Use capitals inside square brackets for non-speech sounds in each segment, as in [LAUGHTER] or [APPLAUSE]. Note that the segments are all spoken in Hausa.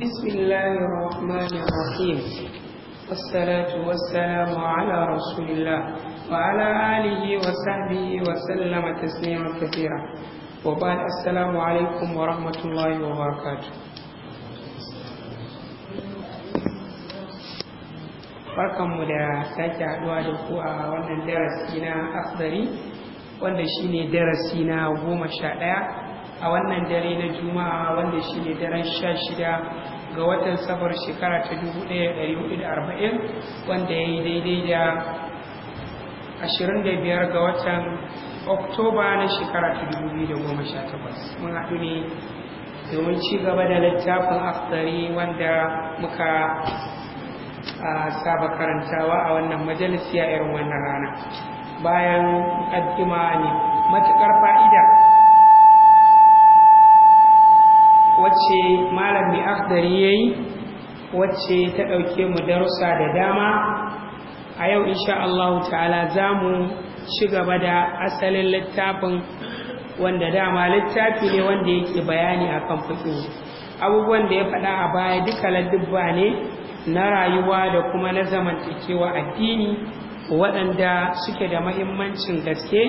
بسم الله الرحمن الرحيم والصلاة والسلام على رسول الله وعلى آله وصحبه وسلم تسليما كثيرا وبعد السلام عليكم ورحمة الله وبركاته barkanmu da sake haɗuwa da ku a wannan darasi na asdari wanda shine darasi na goma sha ɗaya a wannan dare na juma'a wanda shi ne daren sha shida ga watan sabar shekara ta 1440 wanda ya yi daidai da 25 ga watan oktoba na shekara ta 2018 mun haɗu ne domin ci gaba da littafin aftari wanda muka saba karantawa a wannan majalisi irin wannan rana bayan mukaddima ne matuƙar fa'ida wacce malam mai akhdari yayi wacce ta ɗauke mu darussa da dama a yau insha Allah ta'ala za mu ci gaba da asalin littafin wanda dama littafi ne wanda yake bayani akan fiqh abubuwan da ya faɗa a baya duka ladubba ne na rayuwa da kuma na zamantakewa addini waɗanda suke da mahimmancin gaske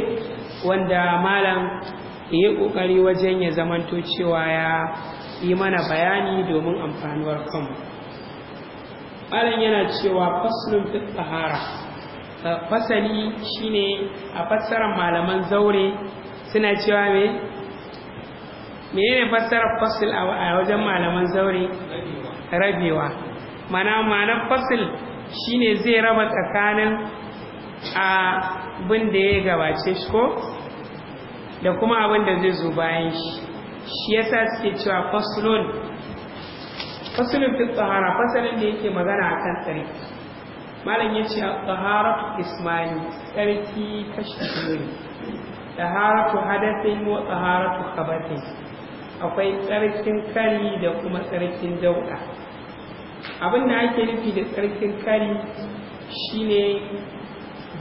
wanda malam ya yi ƙoƙari wajen ya zamanto cewa ya yi mana bayani domin amfanuwar kanmu malam yana cewa faslun fi Fasali fasali shine a fassarar malaman zaure suna cewa me menene fassarar fasil a wajen malaman zaure rabewa mana ma'anar fasil shine zai raba tsakanin abin da ya gabace shi ko da kuma abin da zai zo bayan shi shi yasa suke cewa Fasulun fasulun fi tsahara fasalin da yake magana a kan tsari malam ya ce tsahara ismani tsarki kashi biyu tsahara tsaharatu hadafin wa tsaharatu kabatin akwai tsarkin kari da kuma tsarkin dauka abin da ake nufi da tsarkin kari shine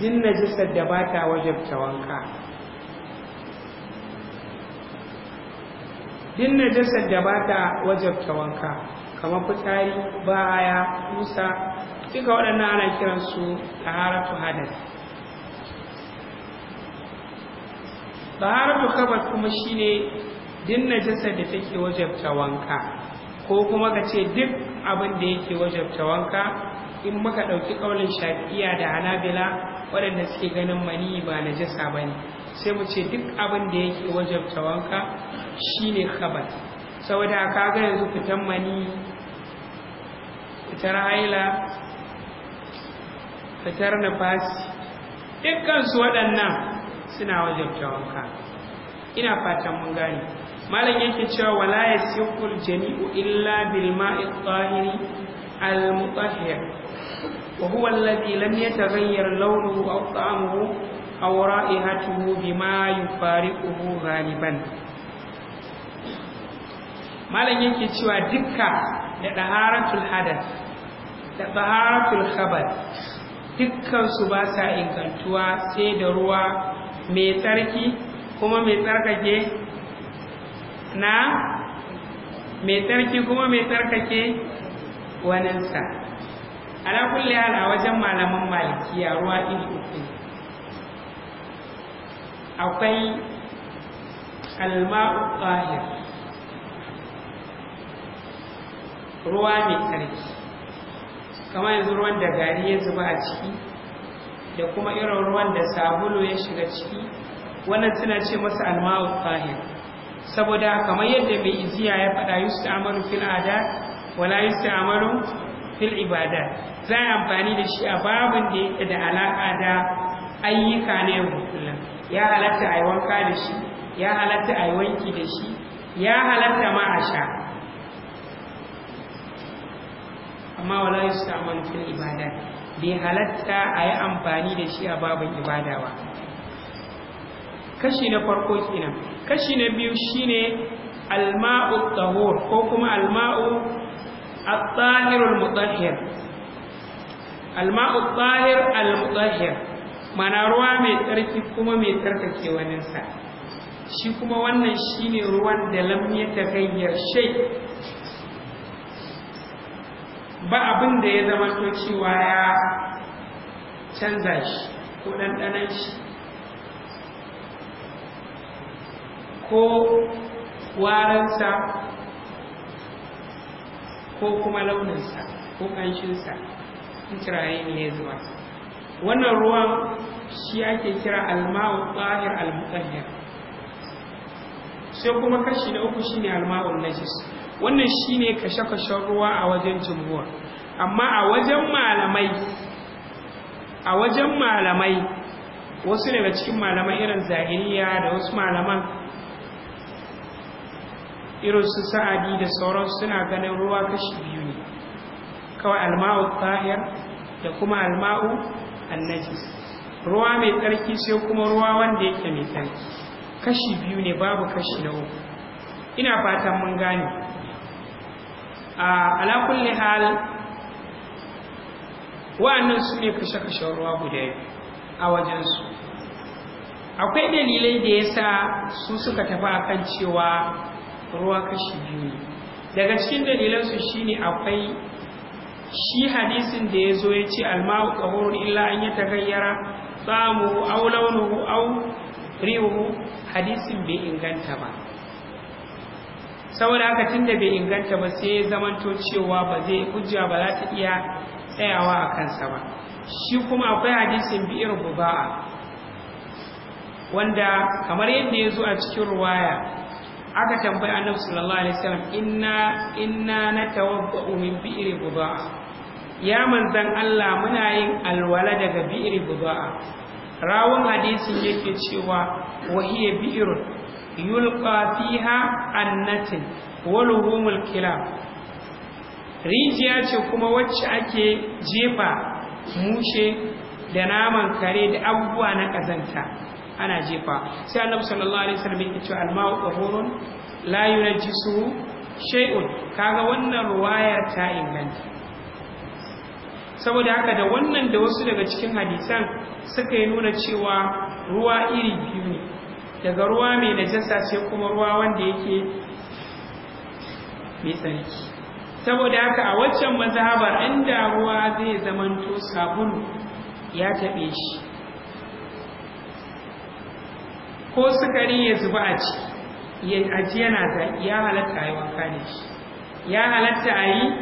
jin najisar da ba ta wajabta wanka din jasar da ba ta wajabta wanka kamar fitsari baya kusa duka waɗannan ana kiransu taharatu hadas haratu kabar kuma shine din jasar da take wajabta wanka ko kuma ka ce duk abin da yake wajabta wanka in muka ɗauki ƙaunin shafi'iya da hanabila waɗanda suke ganin mani ba na jasa ba ne sai mu ce duk abin da yake wajabta wanka shine khabar saboda ga yanzu fitan mani fitar haila fitar nafasi dukkansu waɗannan suna wajabta wanka ina fatan mun gane malam yake cewa wala yasiqul jami'u illa bil ma'i tahiri al mutahhir wa huwa alladhi lam yataghayyar lawnuhu aw ta'amuhu aw ra'ihatuhu bima yufariquhu ghaliban malam yake cewa dukka da daharatul hadath da daharatul khabar dukkan su ba sa ingantuwa sai da ruwa mai tsarki kuma mai tsarkake na mai tsarki kuma mai tsarkake waninsa ala kulli hal a wajen malaman malikiya ruwa iri uku akwai alma'u tsahir ruwa mai ƙarfi kamar yanzu ruwan da gari ya zuba a ciki da kuma irin ruwan da sabulu ya shiga ciki wannan suna ce masa alma'u ƙahir saboda kamar yadda mai iziya ya faɗa yi su fil ada wala yi su fil ibada za a amfani da shi a babin da ya da alaƙa da ayyuka ne yau ya halatta a yi wanka da shi ya halatta a yi wanki da shi ya halatta ma a sha amma wala yi samun fil ibada bai halatta a yi amfani da shi a babin ibada ba kashi na farko kenan kashi na biyu shine alma'u tahur ko kuma alma'u a tahirul mutahir alma'u at-tahir al mana ruwa mai tsarki kuma mai tsarkake waninsa shi kuma wannan shi ne ruwan da lamye ta hanyar shai ba abin da ya zama to cewa ya canza shi ko ɗanɗanan shi ko waransa ko kuma launinsa ko ƙanshinsa in ne ya zuba wannan ruwan shi ake kira alma'u al almutahhir sai kuma kashi na uku shine alma'un najis wannan shine kashe-kashen ruwa a wajen jumhur amma a wajen malamai a wajen malamai wasu daga cikin malamai irin zahiriya da wasu malaman irin su sa'adi da sauran suna ganin ruwa kashi biyu ne kawai alma'u tahir da kuma alma'u annaji ruwa mai tsarki sai kuma ruwa wanda yake mai tsarki kashi biyu ne babu kashi na uku ina fatan mun gane a ala kulli hal wa'annan su ne kashe-kashen ruwa guda a wajensu akwai dalilai da ya sa su suka tafi akan cewa ruwa kashi biyu ne daga cikin dalilansu shine akwai shi hadisin da ya zo ya ce alma'u ƙahurun illa an yi tagayyara samu au launuhu au rihu hadisin bai inganta ba saboda haka tun da bai inganta ba sai ya zamanto cewa ba zai hujja ba za ta iya tsayawa a kansa ba shi kuma akwai hadisin bi'ir buba'a wanda kamar yadda ya zo a cikin ruwaya aka tambaya annabi sallallahu alaihi wasallam inna inna natawabba'u min bi'ri buba'a ya manzan Allah muna yin alwala daga bi'ir budu'a rawun hadisin yake cewa wa hiya bi'ir yulqa fiha annatin waluhumul kila rijiya ce kuma wacce ake jefa mushe da naman kare da abubuwa na kazanta ana jefa sai annabi sallallahu alaihi wasallam yake cewa alma'u tahurun la yunajjisuhu shay'un kaga wannan ruwaya ta inganta saboda haka da wannan da wasu daga cikin hadisan suka yi nuna cewa ruwa iri biyu ne daga ruwa mai najasa ce kuma ruwa wanda yake mai tsarki saboda haka a waccan mazhabar inda ruwa zai zamanto sabulu ya taɓe shi ko sukari ya zuba a ci ya aji yana ta ya halatta a yi wanka da shi ya halatta a yi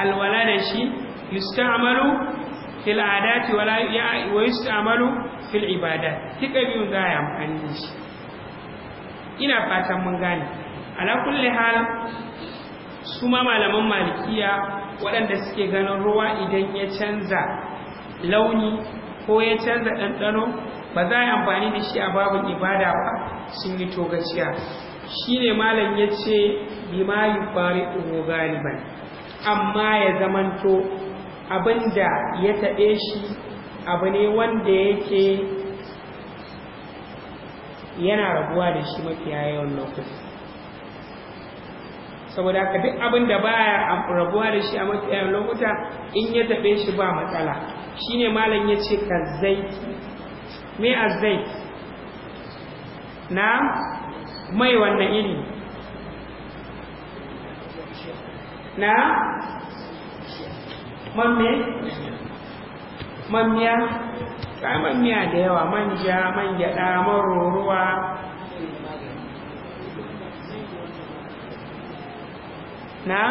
alwala da shi yusta'malu fil adati wala wa yusta'malu fil ibadat kika biyun za a amfani shi ina fatan mun gane ala kulli hal su ma malaman malikiya waɗanda suke ganin ruwa idan ya canza launi ko ya canza ɗanɗano ba za a yi amfani da shi a babin ibada ba sun yi togaciya shi ne malam ya ce bima yi fari ɗuhu galiban amma ya zamanto abin da ya taɓe shi abu ne wanda yake yana rabuwa da shi mafiya yawan lokaci saboda haka duk abin da baya rabuwa da shi a mafiya yawan lokuta in ya taɓe shi ba matsala Shi ne malam ya ce ka zai me a zai na mai wannan iri na Mamme, mamiya. ka mamiya da yawa manja man gyada maruruwa na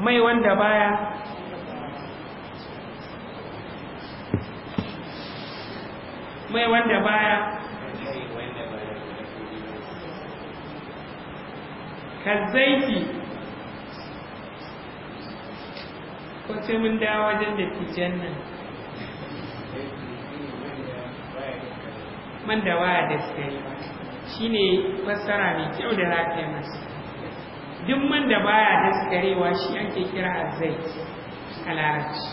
mai wanda baya mai wanda baya kazzaiki ko sai mun dawo wajen da tijan nan man da waya da sai shi ne fassara mai kyau da lafiya masu duk man da baya daskarewa shi ake kira zai a larabci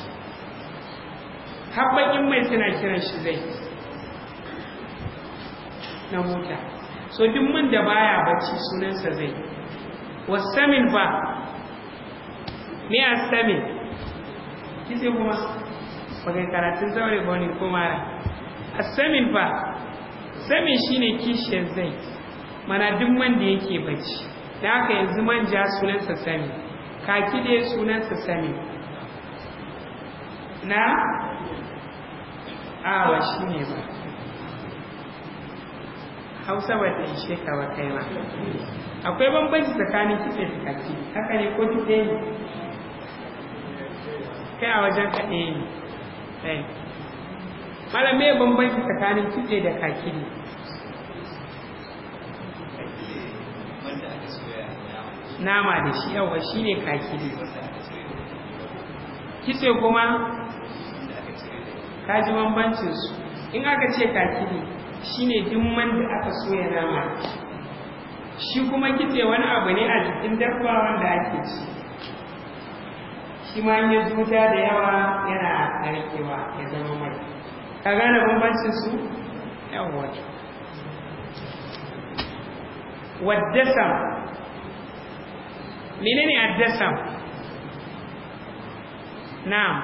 habbakin mai suna kiran shi zai na mota so duk man da baya bacci sunansa zai wasamin ba me a samin kitse kuma bakan karatun zaure ba wani ko mara a samin ba samin shine kishiyar zai mana duk man da yake bacci da aka yanzu manja sunansa sami kaki da sunansa sami na awa shi ne ba hausa ba ta ishe ka ba kai ma akwai bambanci tsakanin kitse da kaki haka ne ko kitse ne kai a wajen ka ɗaya eh, ne eh. malam me bambanci tsakanin kitse da kakiri nama da shi yawa shi ne kakiri kitse kuma kaji bambancin su in aka ce kakiri shi ne dimman da aka soya nama shi kuma kitse wani abu ne a jikin dabba wanda ake ci shi ma in zuta da yawa yana narkewa ya zama mai ka gane bambancin su yawwa waddasam ne addasam Na,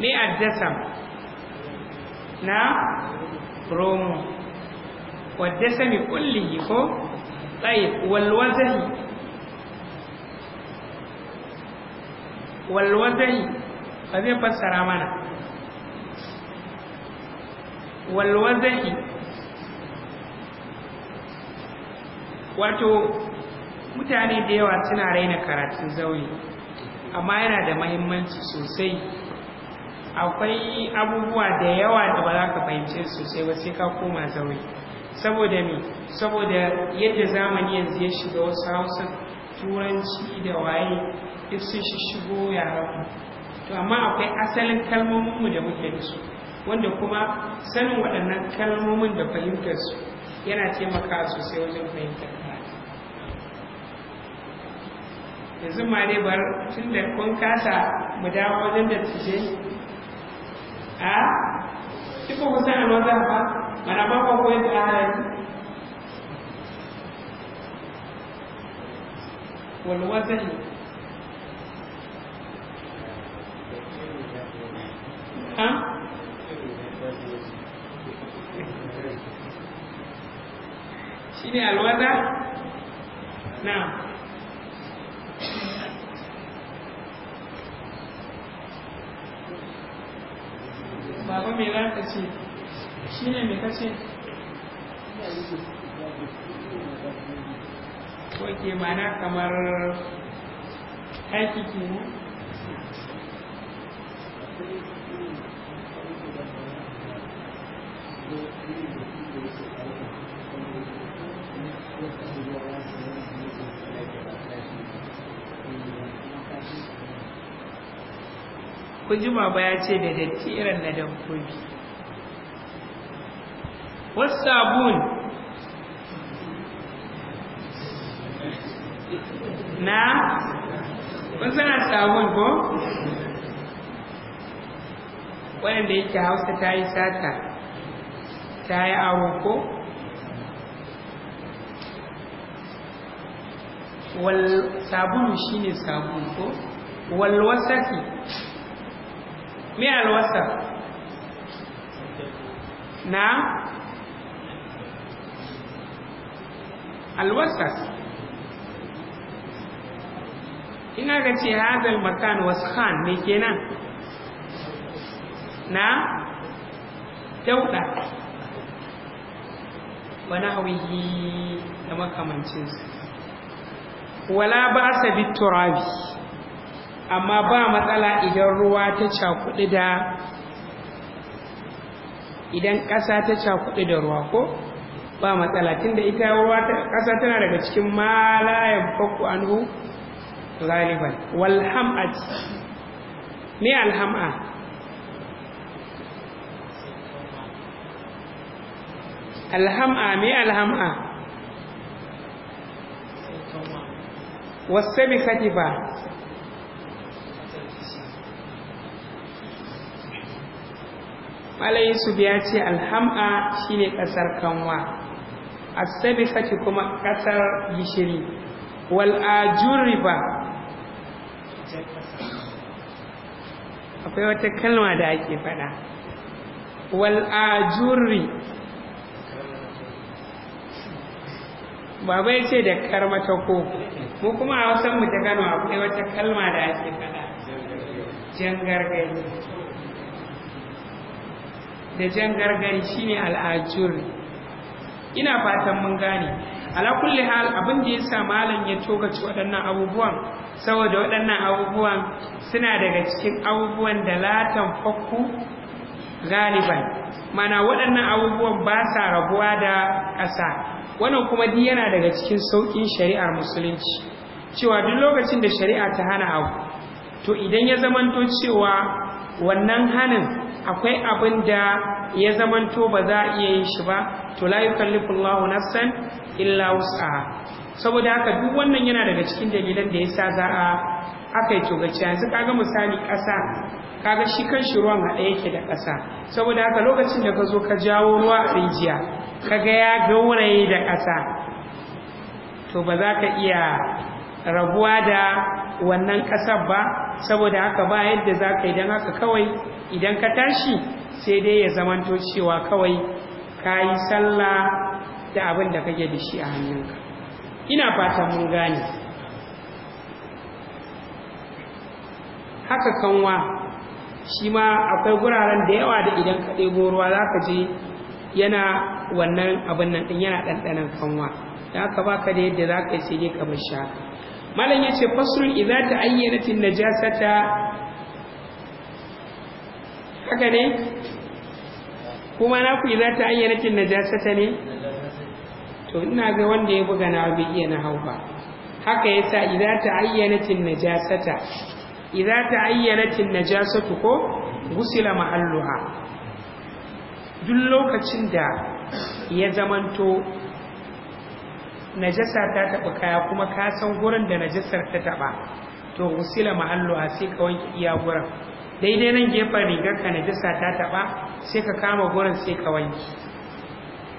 me addasam na romo waddasami kulli ko tsaye walwazahi walwadani ba zai fassara mana walwadani wato mutane da yawa suna raina karatun zaune amma yana da mahimmanci sosai akwai abubuwa da yawa da ba za ka fahimce sosai ba sai ka koma zaune saboda mi saboda yadda zamani yanzu ya shiga wasu hausa turanci da waye duk sun shigo yaran to amma akwai asalin kalmominmu da muke da su wanda kuma sanin waɗannan kalmomin da fahimtar su yana taimakawa sosai wajen fahimtar yanzu ma dai bar tun da kun kasa mu dawo wajen da tije a ah? duk kusa ku sanar maza ba mana ba ba koyar da والوزن ها شنو الوزن نعم بابا ميلا كشي شنو ميكاشي Ko ke mana kamar aiki kenan kujima ba ya ce da datti irin na dabbobi wasu sabon na kun sana sabon ko wanda yake hausa ta yi sata ta yi awo ko sabulu shi ne sabon ko walwasafi me alwasa na alwasa ina ga ce hadal makan waskhan me kenan na dauda wa nahwihi da makamancin wala ba sa turabi amma ba matsala idan ruwa ta cakuɗi da idan ƙasa ta cakuɗi da ruwa ko ba matsala tunda ita ruwa ƙasa tana daga cikin ma la yanfaku anhu غالبا والحمأة ما الحمأة الحمأة ما الحمأة والسبخة با Malayin su biya ce alham'a shine ƙasar kanwa, asabi kuma ƙasar gishiri, wal'ajun riba akwai wata kalma da ake faɗa wal'ajurri baba ya ce da karmatako mu kuma a wasan mu ta kano akwai wata kalma da ake faɗa jan gargari da jan gargari shine al'ajurri ina fatan mun gane ala kulli hal abin da yasa malam ya tokaci waɗannan abubuwan saboda waɗannan abubuwan suna daga cikin abubuwan da latan fakku galiban mana waɗannan abubuwan ba sa rabuwa da ƙasa wannan kuma duk yana daga cikin sauƙin shari'ar musulunci cewa duk lokacin da shari'a ta hana abu to idan ya zamanto cewa wannan hanin akwai abin da ya zamanto ba za a iya yin shi ba to la yukallifullahu nafsan illa wasa saboda haka duk wannan yana daga cikin dalilan da yasa za a aka yi togaci yanzu kaga misali ƙasa kaga shi kan shi ruwan a haɗe yake da ƙasa saboda haka lokacin da ka zo ka jawo ruwa a rijiya kaga ya gauraye da ƙasa to ba za ka iya rabuwa da wannan ƙasar ba saboda haka ba yadda za ka idan haka kawai idan ka tashi sai dai ya zamanto cewa kawai ka yi sallah da abin da kake da shi a hannunka ina fatan mun gane haka kanwa shi ma akwai guraren da yawa da idan ka ɗebo ruwa za ka je yana wannan abin nan ɗin yana ɗanɗanan kanwa da ba ka da yadda za ka yi sai ka sha malam ya ce fasulun iza ta ayyanatin najasata haka ne kuma na ku iza ta ayyanatin najasata ne to ina ga wanda ya buga na bai iya na hauba haka yasa idza ta'ayyanatin najasata idza ta'ayyanatin najasatu ko gusila mahalluha duk lokacin da ya zamanto najasa ta taba kaya kuma ka san gurin da najasar ta taba to gusila mahalluha sai ka wanke iya gurin daidai nan gefen rigar ka najasa ta taba sai ka kama gurin sai ka wanke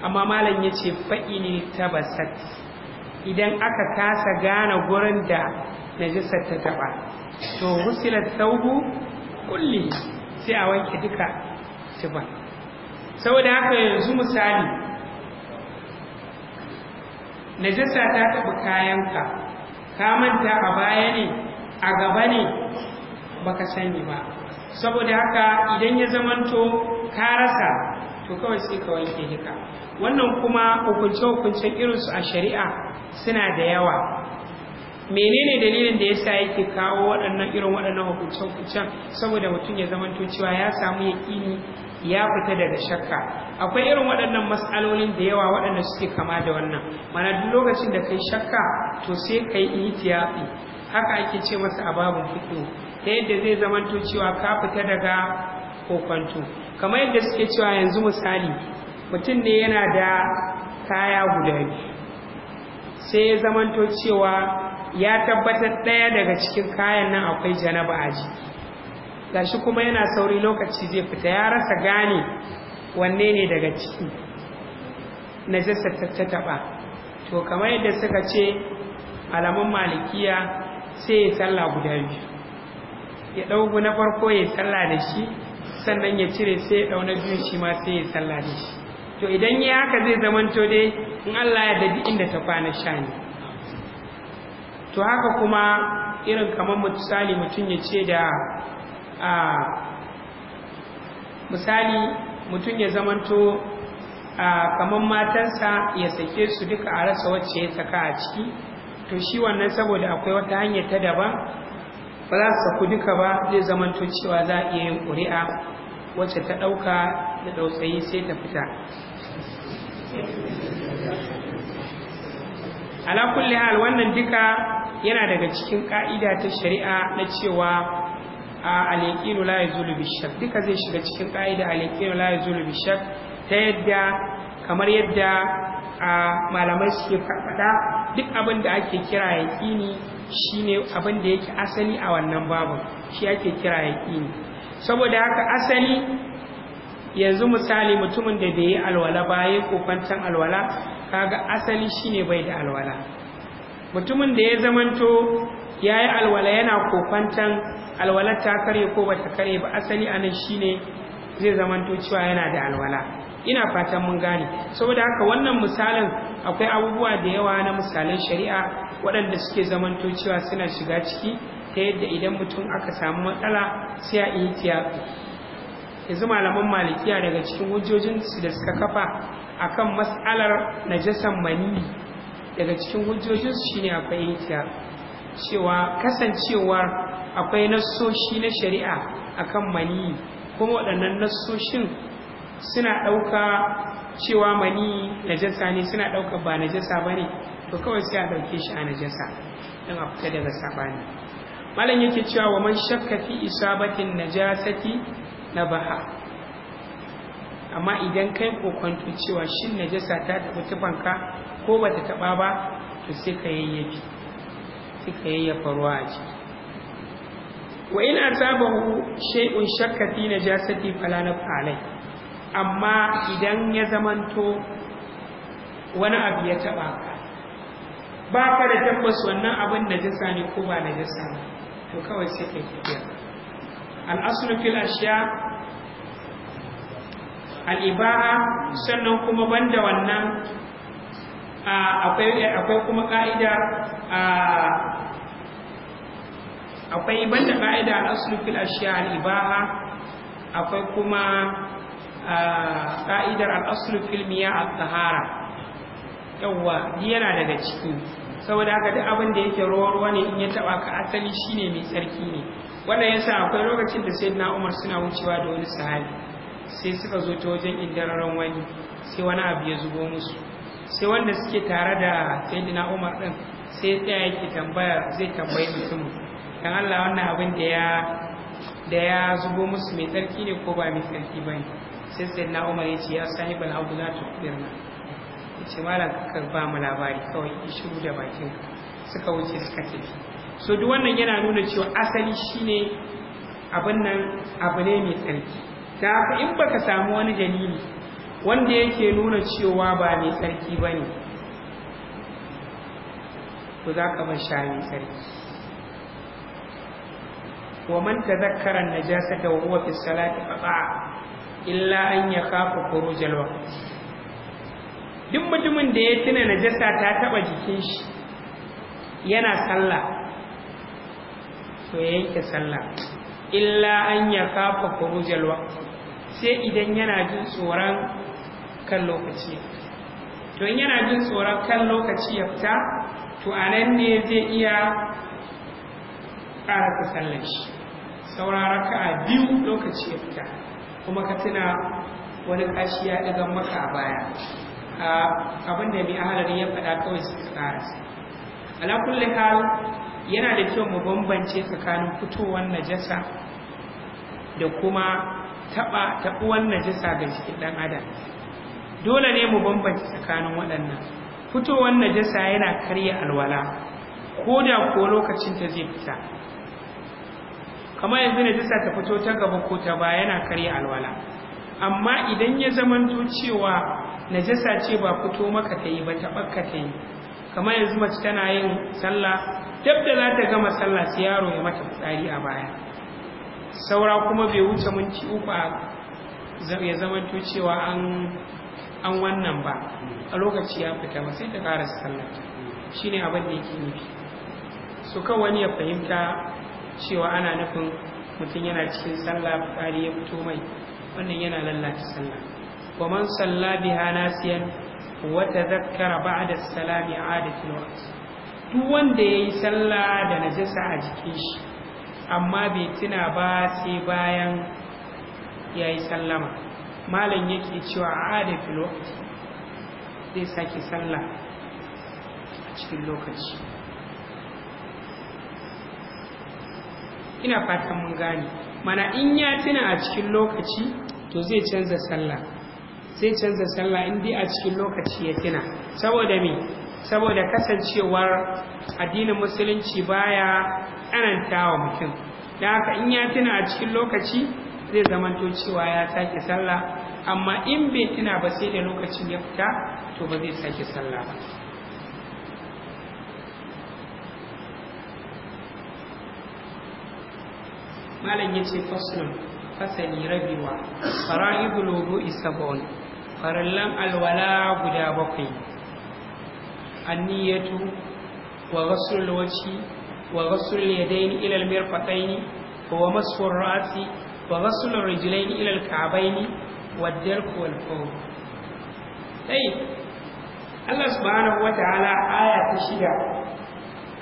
amma malam ya ce fa'ini tabasat idan aka kasa gane gurin da najisar ta taɓa to rusilar sauhu kulle sai a wanke duka ba. saboda haka yanzu misali najasa ta taɓa kayanka ka manta a baya ne a gaba ne baka sani ba saboda haka idan ya zamanto ka rasa to kawai sai ka wanke duka wannan kuma hukunce-hukuncen irinsu a shari'a suna da yawa menene dalilin da yasa yake kawo waɗannan irin waɗannan hukunce-hukuncen saboda mutum ya zama cewa ya samu yaƙini ya fita daga shakka akwai irin waɗannan matsalolin da yawa waɗanda suke kama da wannan mana duk lokacin da kai shakka to sai kai ihtiyafi haka ake ce masa a babin fito ta yadda zai zamanto cewa ka fita daga kokonto kamar yadda suke cewa yanzu misali mutum ne yana da kaya guda biyu sai ya zamanto cewa ya tabbatar ɗaya daga cikin kayan nan akwai janaba a jiki gashi kuma yana sauri lokaci zai fita ya rasa gane wanne ne daga ciki na ta taɓa to kamar yadda suka ce alamun malikiya sai ya tsalla guda biyu ya ɗau na farko ya sallah da shi sannan ya cire sai ya ɗau na biyu shi ma sai ya sallah da shi to idan ya haka zai zamanto dai in Allah ya dadi inda ta kwana sha ne to haka kuma irin kamar misali mutum ya ce da a misali mutum ya zamanto a kamar matansa ya sake su duka a rasa wacce ya saka a ciki to shi wannan saboda akwai wata hanyar ta daban ba za su saku duka ba zai zamanto cewa za a iya yin ƙuri'a wacce ta ɗauka da ɗautsayi sai ta fita ala kulli hal wannan duka yana daga cikin ka'ida ta shari'a na cewa a al-yaqinu la yazulu bishak duka zai shiga cikin ka'ida al-yaqinu la yazulu bishak ta yadda kamar yadda malamai suke faɗa duk abin da ake kira yaqini shine abin da yake asali a wannan babu shi ake kira yaqini saboda haka asali yanzu misali mutumin da bai yi alwala ba ya kofantan alwala kaga asali shine bai da alwala mutumin da ya zamanto ya yi alwala yana kofantan alwala ta kare ko ba ta kare ba asali anan shine zai zamanto cewa yana da alwala ina fatan mun gane saboda haka wannan misalin akwai abubuwa da yawa na misalan shari'a waɗanda suke zamanto cewa suna shiga ciki ta yadda idan mutum aka samu matsala sai a yi tiyatu yanzu malaman malikiya daga cikin hujjojin su da suka kafa akan mas'alar najasan mani daga cikin hujjojin su shine akwai ihtiyar cewa kasancewar akwai nassoshi na shari'a akan mani kuma waɗannan nasoshin suna ɗauka cewa mani najasa ne suna ɗauka ba najasa ba ne to kawai sai a ɗauke shi a najasa don a fita daga saɓani malam yake cewa wa man shakka fi isabatin najasati na baha amma idan kai kokonto cewa shin najasa ta taɓa tufanka ko ba ta taɓa ba to sai ka yayyafi sai ka yayyafa ruwa a ciki wa in asabahu shay'un shakka fi najasati fala nafalai amma idan ya zamanto wani abu ya taɓa ka ba ka da tabbas wannan abin najasa ne ko ba najasa ne to kawai sai ka yi al'asulu fil ashiya al'ibaha sannan kuma banda wannan akwai kuma ka'ida akwai banda ka'ida al'asulu fil ashiya al'ibaha akwai kuma ƙa'idar al'asulu fil miya al-tahara yawwa yana daga ciki saboda haka duk abin da yake ruwa ruwa ne in ya taba ka asali shine mai tsarki ne wannan sa akwai lokacin da saidina umar suna wucewa da wani sahabi sai suka zo ta wajen indararen wani sai wani abu ya zubo musu sai wanda suke tare da na umar din sai ya yake tambaya zai tambayi mutumin dan Allah wannan abin da ya da zubo musu mai tsarki ne ko ba mai tsarki ba ne sai na umar ya ce ya sahibal abu za ta la na ya ce malam ka ba mu labari kawai ki shiru da bakin suka wuce suka tafi so duk wannan yana nuna cewa asali shine abin nan abu ne mai tsarki Ta haka in baka samu wani dalili wanda yake nuna cewa ba mai tsarki ba ne ku za ka bar mai tsarki ومن تذكر النجاسة وهو في الصلاة فقع إلا أن يخاف خروج الوقت duk mutumin da ya tuna najasa ta taba jikin shi yana sallah to yanke sallah illa an ya kafa kurujal waqti sai idan yana jin tsoron kan lokaci to in yana jin tsoron kan lokaci ya fita to anan ne zai iya ƙara ta sallar shi saura raka'a biyu lokaci ya fita kuma ka tuna wani kashi ya ɗaga maka a baya abinda mai ahalari ya faɗa kawai suka ƙara ala kulli hal yana da kyau mu bambance tsakanin fitowar najasa da kuma taɓa taɓuwar najasa ga jikin ɗan adam dole ne mu bambance tsakanin waɗannan fitowar najasa yana karya alwala ko da ko lokacin ta zai fita kamar yanzu najasa ta fito ta gaba ko ta ba yana karya alwala amma idan ya zamanto cewa najasa ce ba fito maka ta yi ba taɓakka ta yi kamar yanzu mace tana yin sallah dab da za ta gama sallah sai yaro ya mata fitsari a baya saura kuma bai wuce minti uku a ya zama to cewa an wannan ba a lokaci ya fita ba sai ta ƙara sallah shine abin da yake nufi so kan wani ya fahimta cewa ana nufin mutum yana cikin sallah fitsari ya fito mai wannan yana lallata sallah kuma sallah salla biha nasiyan wata zakkara ba da salami adatul waqt duk wanda ya yi sallah da najasa a jikin shi amma bai tuna ba sai bayan ya yi sallama malam yake cewa adatul waqt zai sake sallah a cikin lokaci ina fatan mun gane mana in ya tuna a cikin lokaci to zai canza sallah zai canza sallah in dai a cikin lokaci ya tuna saboda me saboda kasancewar addinin musulunci baya tsanantawa mutum da haka in ya tuna a cikin lokaci zai zamanto cewa ya sake sallah amma in bai tuna ba sai da lokacin ya fita to ba zai sake sallah ba malam ya ce fasali rabiwa fara'ibul wudu'i sab'un farallan alwala guda bakwai anniyatu wa ghaslul wajhi wa ghaslul yadayn ila almirfaqayn wa mashu ar-ra'si wa ghaslul rijlayn ila alka'bayn wa ad-darku wal fawq tayyib Allah subhanahu ta'ala aya ta shida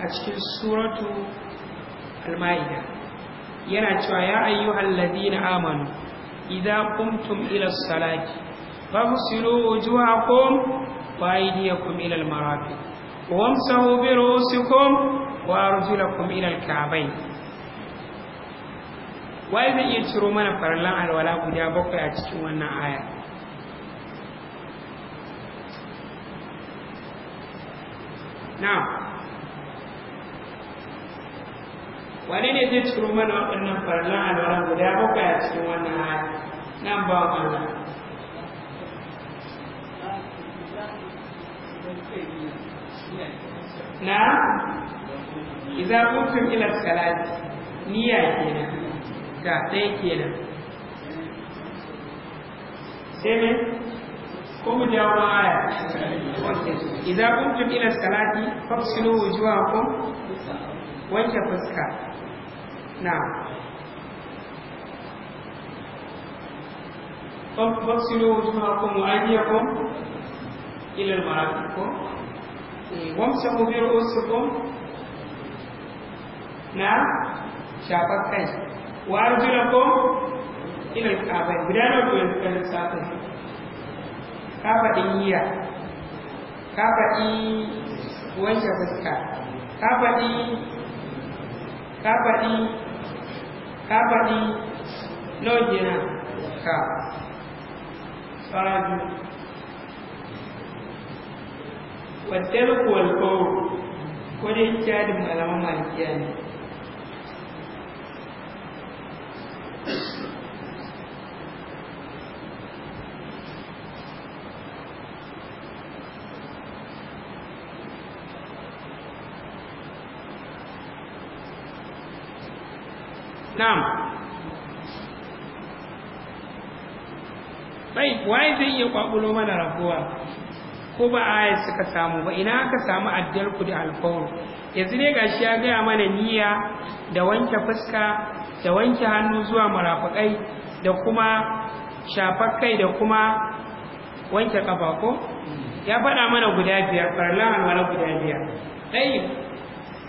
a cikin suratu al-ma'idah yana cewa ya ayyuhal ladina amanu idza qumtum ila salati faghsilu wujuhakum wa aydiyakum ila al-marafiq wamsahu bi ru'usikum wa arjulakum ila al-ka'bayn wai zai iya ciro mana farallan alwala guda bakwai a cikin wannan aya na wane ne zai ciro mana waɗannan farlan alwala guda bakwai a cikin wannan hali nan ba wa na iza kuntum ila salati niyya kenan ga ɗaya kenan sai ne ko mu jawo aya iza kuntum ila salati wujuwa ko? wanke fuska نعم فاغسلوا وجوهكم وأيديكم إلى المرافق وامسحوا برؤوسكم نعم شافت كيف وأرجلكم إلى الكعبين بدانا بين الكعبين كعبة إياه ka faɗi wanke fuska ka faɗi ka faɗi ka faɗi nau'i na ka tsara biyu wadda ko dai jadin malaman ne na'am bai wai zai iya kwabulo mana rabuwa? ko ba aya suka samu ba ina aka samu addal ku da alfawar yanzu ne gashi ya gaya mana niyya da wanke fuska da wanke hannu zuwa marafakai da kuma shafar kai da kuma wanke kafa ko ya faɗa mana guda biyar farlan alwala guda biyar ɗaya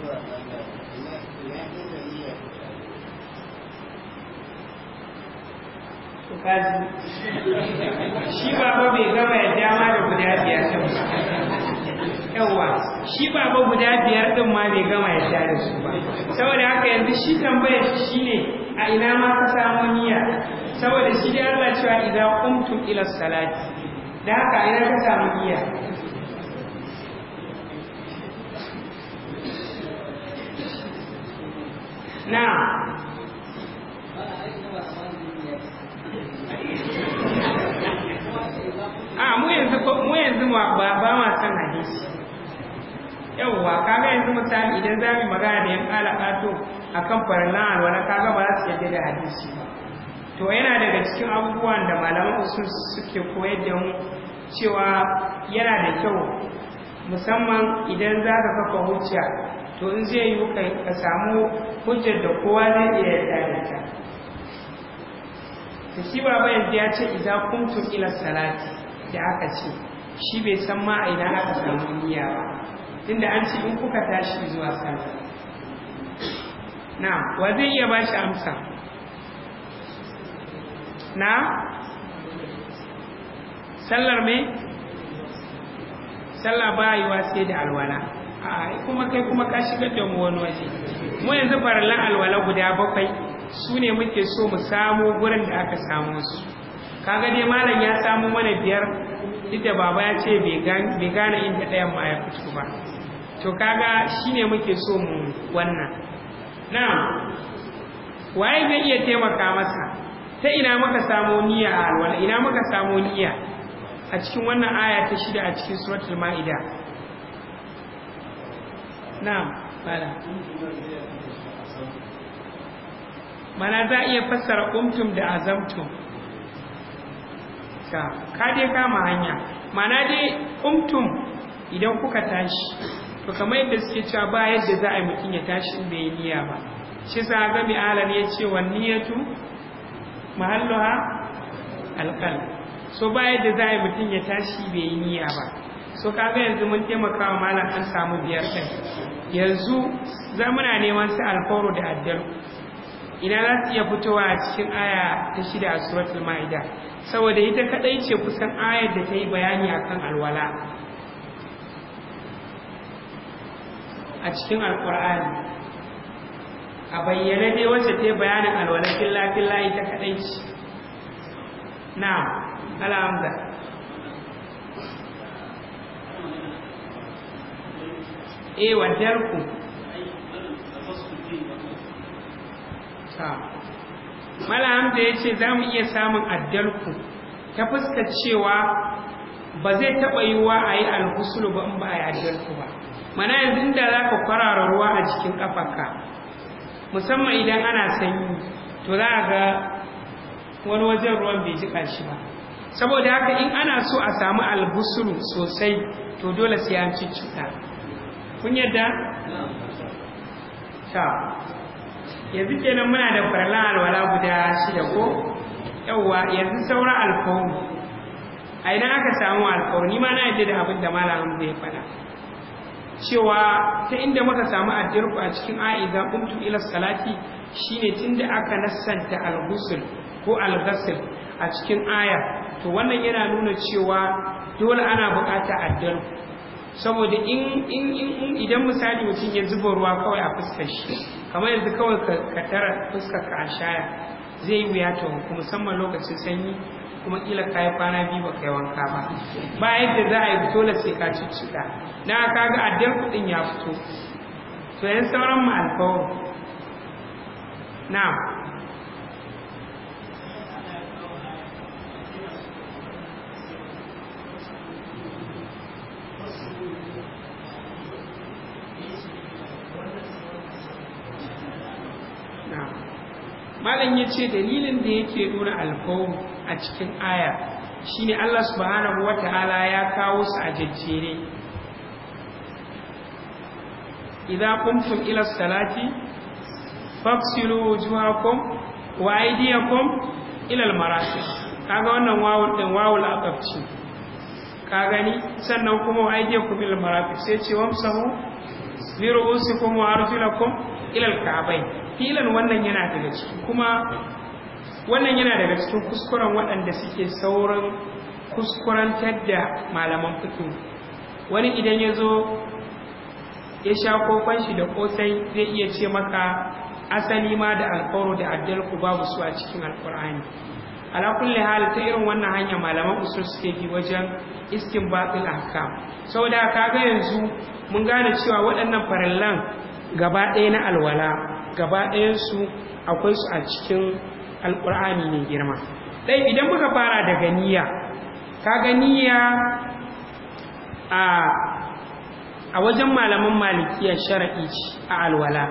shi baba bai gama ya dama da guda biyar din ba shi baba guda biyar din ma bai gama ya sha da su ba saboda haka yanzu shi tambayar shi ne a ina ma ka samu niyya saboda shi dai Allah cewa idan qumtum ila salati da haka ina ka samu niyya na ah, mu yanzu mu yanzu ba ba ma san hadisi yawwa kaga yanzu misali idan za mu magana da yan alaƙato akan farlan alwala kaga ba za su yadda da hadisi ba to yana daga cikin abubuwan da malaman usul suke koyar da mu cewa yana da kyau musamman idan za ka kafa hujja to in zai yi ka samu hujjar da kowa zai iya yarda da ta. ta shi baba yanzu ya ce idan kuntum ila salati da aka ce shi bai san ma ina aka samu niyya ba tunda an ce in kuka tashi zuwa sallah na wa zai iya ba shi amsa na sallar me sallah ba yiwa sai da alwala ai kuma kai kuma ka shiga da mu wani waje mu yanzu farallan alwala guda bakwai su ne muke so mu samu gurin da aka samu su kaga dai malam ya samu mana biyar duk da baba ya ce bai gane inda ɗayan ma ya fito ba to kaga shine muke so mu wannan na waye zai iya taimaka masa ta ina muka samu niyya a alwala ina muka samu niyya a cikin wannan aya ta shida a cikin suratul ma'ida na'am malam mana za a iya fassara umtum da azamtum ka ka dai kama hanya mana dai umtum idan kuka tashi to kamar yadda suke cewa ba yadda za a yi mutum ya tashi in bai niyya ba shi sa ga mai alal ya ce wa niyyatu mahalluha alqal so ba yadda za a yi mutum ya tashi bai niyya ba so ga yanzu mun taimaka wa malam an samu biyar ɗin yanzu za muna neman su alfaro da addal ina za su iya fitowa a cikin aya ta shida a suratul ma'ida saboda ita kaɗai ce kusan ayar da ta yi bayani akan alwala a cikin alkur'ani a bayyane dai wacce ta yi bayanin alwala filla filla ita kaɗai ce na alhamdulillah eh malam da ya ce za mu iya samun addalku ta fuska cewa ba zai taɓa yi wa a yi alhusulu ba in ba a yi addalku ba mana yanzu inda za ka kwarara ruwa a cikin ƙafarka musamman idan ana sanyi to za a ga wani wajen ruwan bai jiƙa shi ba saboda haka in ana so a samu albusuru sosai to dole sai an cicciƙa kun yadda ta yanzu kenan muna da farlan alwala guda shida ko yauwa yanzu sauran alfawun a idan aka samu alfawun ni ma na yadda da abin da malamin zai faɗa cewa ta inda muka samu addirku a cikin a'iza kuntu ila salati shine tunda aka nassanta al ko al a cikin aya to wannan yana nuna cewa dole ana bukata addar saboda in in idan misali mutum ya zuba ruwa kawai a fuskar shi kamar yanzu kawai ka tara fuskar ka a shaya zai yi wuya ta musamman lokacin sanyi kuma kila ka yi kwana biyu ba kai wanka ba ba yadda za a yi dole sai ka ciccika na kaga addar kuɗin ya fito to yan sauran mu alfawar na'am malam ya ce dalilin da yake nuna alkawun a cikin aya shine Allah subhanahu wa ta'ala ya kawo su a jajjere idza qumtum ila salati fafsilu wujuhakum wa aidiya aydiyakum ilal almarafiq kaga wannan wawul ɗin wawul aqabci ka gani sannan kuma wa aidiya aydiyakum ilal almarafiq sai ce wamsahu bi kuma wa arjulakum ilal alka'bayn kilan wannan yana daga ciki kuma wannan yana daga cikin kuskuren waɗanda suke sauran kuskurantar da malaman fito wani idan ya zo ya sha kofan shi da kosai zai iya ce maka asali ma da alkawaro da ku babu su a cikin alkur'ani ala kulli hal ta irin wannan hanya malaman usul suke bi wajen iskin istinbatul ahkam saboda kaga yanzu mun gane cewa waɗannan farallan gaba ɗaya na alwala gaba ɗayansu akwai su a cikin alƙur'ani ne girma ɗai idan muka fara daga niyya kaga niyya a wajen malaman malikiya shara'i a alwala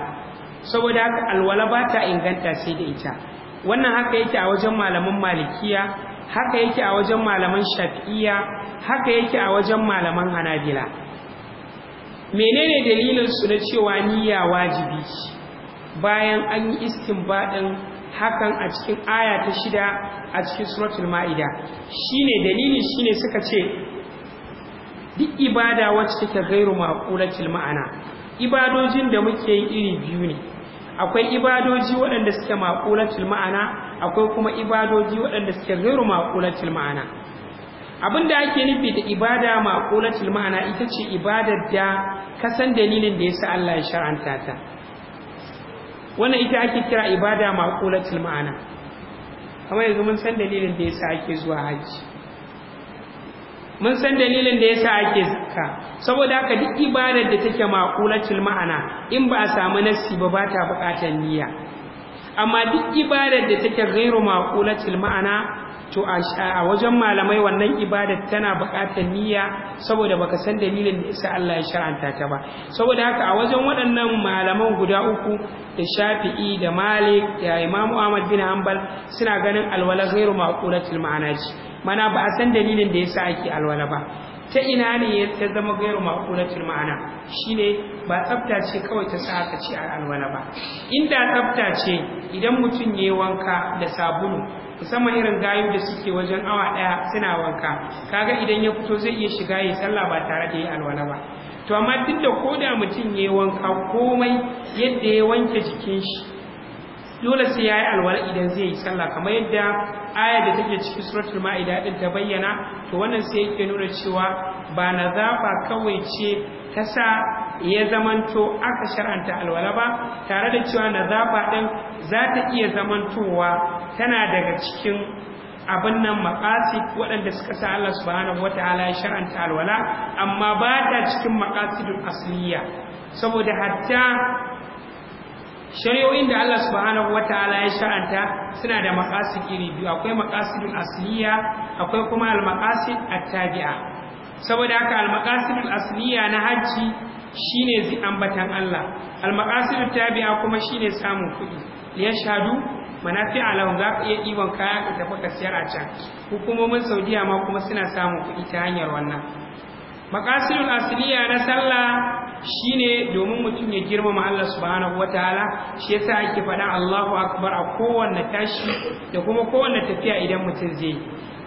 saboda haka alwala ba ta inganta sai da ita wannan haka yake a wajen malaman malikiya haka yake a wajen malaman shafi'iya haka yake a wajen malaman hanabila menene dalilin su na cewa niyya wajibi ce bayan an yi baɗin hakan a cikin aya ta shida a cikin suratul ma'ida shine dalili shine suka ce duk ibada wacce take gairu maqulatil ma'ana ibadojin da muke yi iri biyu ne akwai ibadoji waɗanda suke maqulatul ma'ana akwai kuma ibadoji waɗanda suke gairu maqulatul ma'ana abinda ake nufi da ibada maqulatul ma'ana ita ce ibadar da kasan dalilin da yasa Allah ya shar'anta ta wannan ita ake kira ibada maqulatul ma'ana kamar yanzu mun san dalilin da yasa ake zuwa haji mun san dalilin da yasa ake zakka saboda haka duk ibadar da take maqulatul ma'ana in ba a samu nassi ba ba ta buƙatar niyya amma duk ibadar da take ghairu maqulatul ma'ana to a wajen malamai wannan ibadar tana buƙatar niyya saboda baka san dalilin da isa Allah ya shar'anta ta ba saboda haka a wajen waɗannan malaman guda uku da Shafi'i da Malik da Imam Ahmad bin Hanbal suna ganin alwala ghairu maqulatil ma'anaji mana ba a san dalilin da yasa ake alwala ba ta ina ne ya zama ghairu maqulatil ma'ana shine ba tsafta ce kawai ta sa aka ce alwala ba inda tsafta ce idan mutum yayi wanka da sabulu musamman irin gayu da suke wajen awa ɗaya suna wanka kaga idan ya fito zai iya shiga ya sallah ba tare da ya alwala ba to amma duk da ko da mutum ya yi wanka komai yadda ya wanke jikin shi dole sai ya yi alwala idan zai yi sallah kamar yadda ayar da take cikin suratul ma'ida din ta bayyana to wannan sai yake nuna cewa ba na zafa kawai ce ta sa ya zamanto aka shar'anta alwala ba tare da cewa na zaba ɗin za ta iya zamantowa tana daga cikin abin nan makasi waɗanda suka sa Allah subhanahu wata'ala ya shar'anta alwala amma ba ta cikin maƙasidun asliya saboda hatta shari'o'in da Allah subhanahu wata'ala ya shar'anta suna da maƙasid iri biyu akwai maƙasidun asliya akwai kuma almakasid at-tabi'a saboda haka al asliya na hajji shine zi ambatan Allah almaqasidu tabi'a kuma shine samun kuɗi liya shadu manafi alahum za ka iya ɗiban kaya ka tafi ka siyar a can hukumomin saudiya ma kuma suna samun kuɗi ta hanyar wannan maqasidul asiriya na sallah shine domin mutum ya girmama Allah subhanahu wataala shi yasa ake faɗa Allahu akbar a kowanne tashi da kuma kowanne tafiya idan mutum zai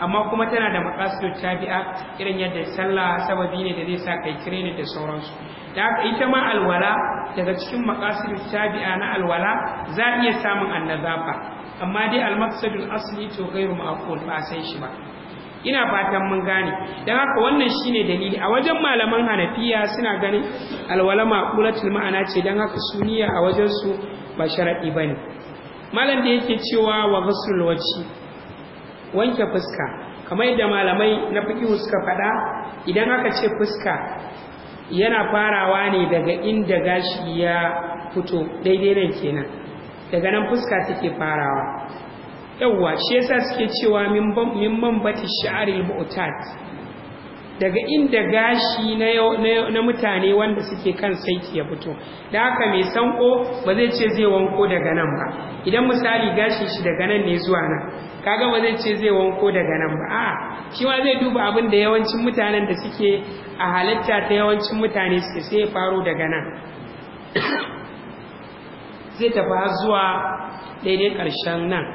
amma kuma tana da maqasidul tabi'a irin yadda sallah sababi ne da zai sa kai training da sauransu da aka ita ma alwala daga cikin makasirin tabi'a na alwala za a iya samun annazafa amma dai almaqsadul asali to gairu ma'qul ba san shi ba ina fatan mun gane dan haka wannan shine dalili a wajen malaman hanafiya suna ganin alwala maqulatul ma'ana ce dan haka suniya a wajen su ba sharadi bane malam da yake cewa wa ghuslul wajhi wanke fuska kamar yadda malamai na fiqh suka faɗa idan aka ce fuska yana farawa ne daga inda gashi ya fito daidai nan kenan daga nan fuska take farawa yawwa shi yasa suke cewa min man bati sha'aril mu'tat daga inda gashi na mutane wanda suke kan saiti ya fito da haka mai sanko ba zai ce zai wanko daga nan ba idan misali gashi shi daga nan ne zuwa nan kaga ba zai ce zai wanko daga nan ba a'a shi ma zai duba abin da yawancin mutanen da suke a halitta ta yawancin mutane suke sai ya faro daga nan [COUGHS] zai tafi har zuwa daidai ƙarshen nan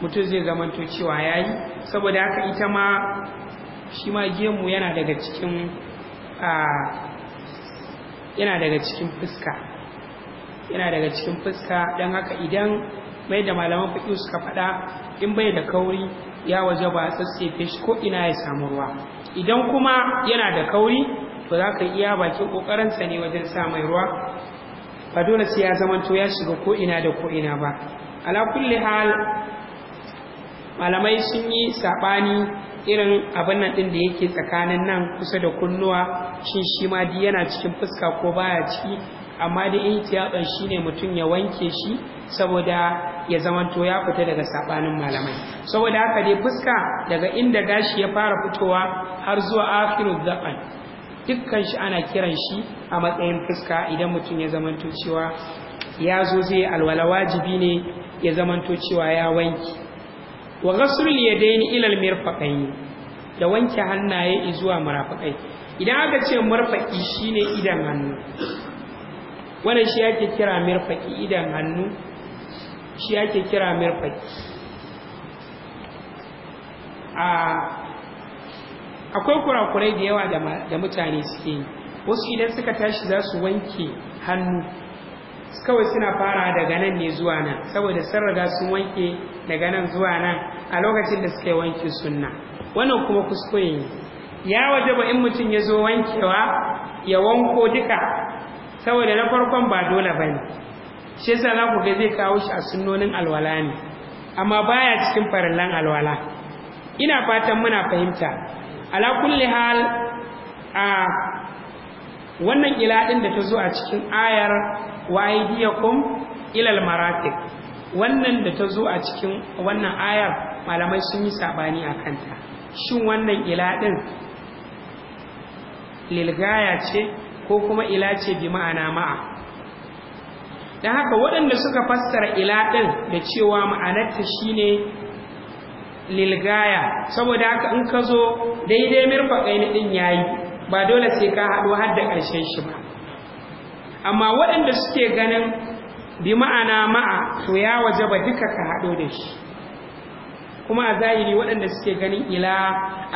mutum zai zamanto cewa yayi saboda haka ita ma shi ma gemu yana daga cikin yana daga cikin fuska yana daga cikin fuska don haka idan mai da malaman fiƙi suka faɗa in bai da kauri ya waje ba tsatsefe shi ko ina ya samu ruwa idan kuma yana da kauri to za ka iya bakin ƙoƙarinsa ne wajen sa mai ruwa ba dole sai ya zamanto ya shiga ko ina da ko ina ba ala kulli hal malamai sun yi saɓani irin abin nan ɗin da yake tsakanin nan kusa da kunnuwa shin shi ma dai yana cikin fuska ko baya ciki amma dai da ihtiyaɗin shi ne mutum ya wanke shi saboda ya zamanto ya fita daga saɓanin malamai saboda haka dai fuska daga inda gashi ya fara fitowa har zuwa akhiru zaban dukkan shi ana kiran shi a matsayin fuska idan mutum ya zamanto cewa ya zo zai alwala wajibi ne ya zamanto cewa ya wanke. wa ghasrul yadayni ila al-mirfaqayn da wanke hannaye zuwa marafakai idan aka ce marfaqi shine idan hannu wannan shi ake kira mirfaqi idan hannu shi ake kira mirfaqi a akwai kurakurai da yawa da mutane suke yi wasu idan suka tashi za su wanke hannu kawai suna fara daga nan ne zuwa nan saboda sun riga sun wanke daga nan zuwa nan a lokacin da suke wanke sunna wannan kuma kuskure ne ya waje ba in mutum ya zo wankewa ya wanko duka saboda na farkon ba dole bane shi yasa za ku ga zai kawo shi a sunnonin alwala ne amma baya cikin farallan alwala ina fatan muna fahimta ala kulli hal a wannan ila din da ta zo a cikin ayar wa aydiyakum ilal wannan da ta zo a cikin wannan ayar malamai sun yi sabani a kanta shin wannan ila din lilgaya ce ko kuma ila ce bi ma'ana ma'a don haka waɗanda suka fassara ila ɗin da cewa ma'anarta shine lilgaya saboda haka in ka zo daidai mirfa ɗin yayi ba dole sai ka haɗu har da ƙarshen shi ba amma waɗanda suke ganin bi ma'ana ma'a to ya waje ba duka ka haɗo da shi kuma a zahiri waɗanda suke ganin ila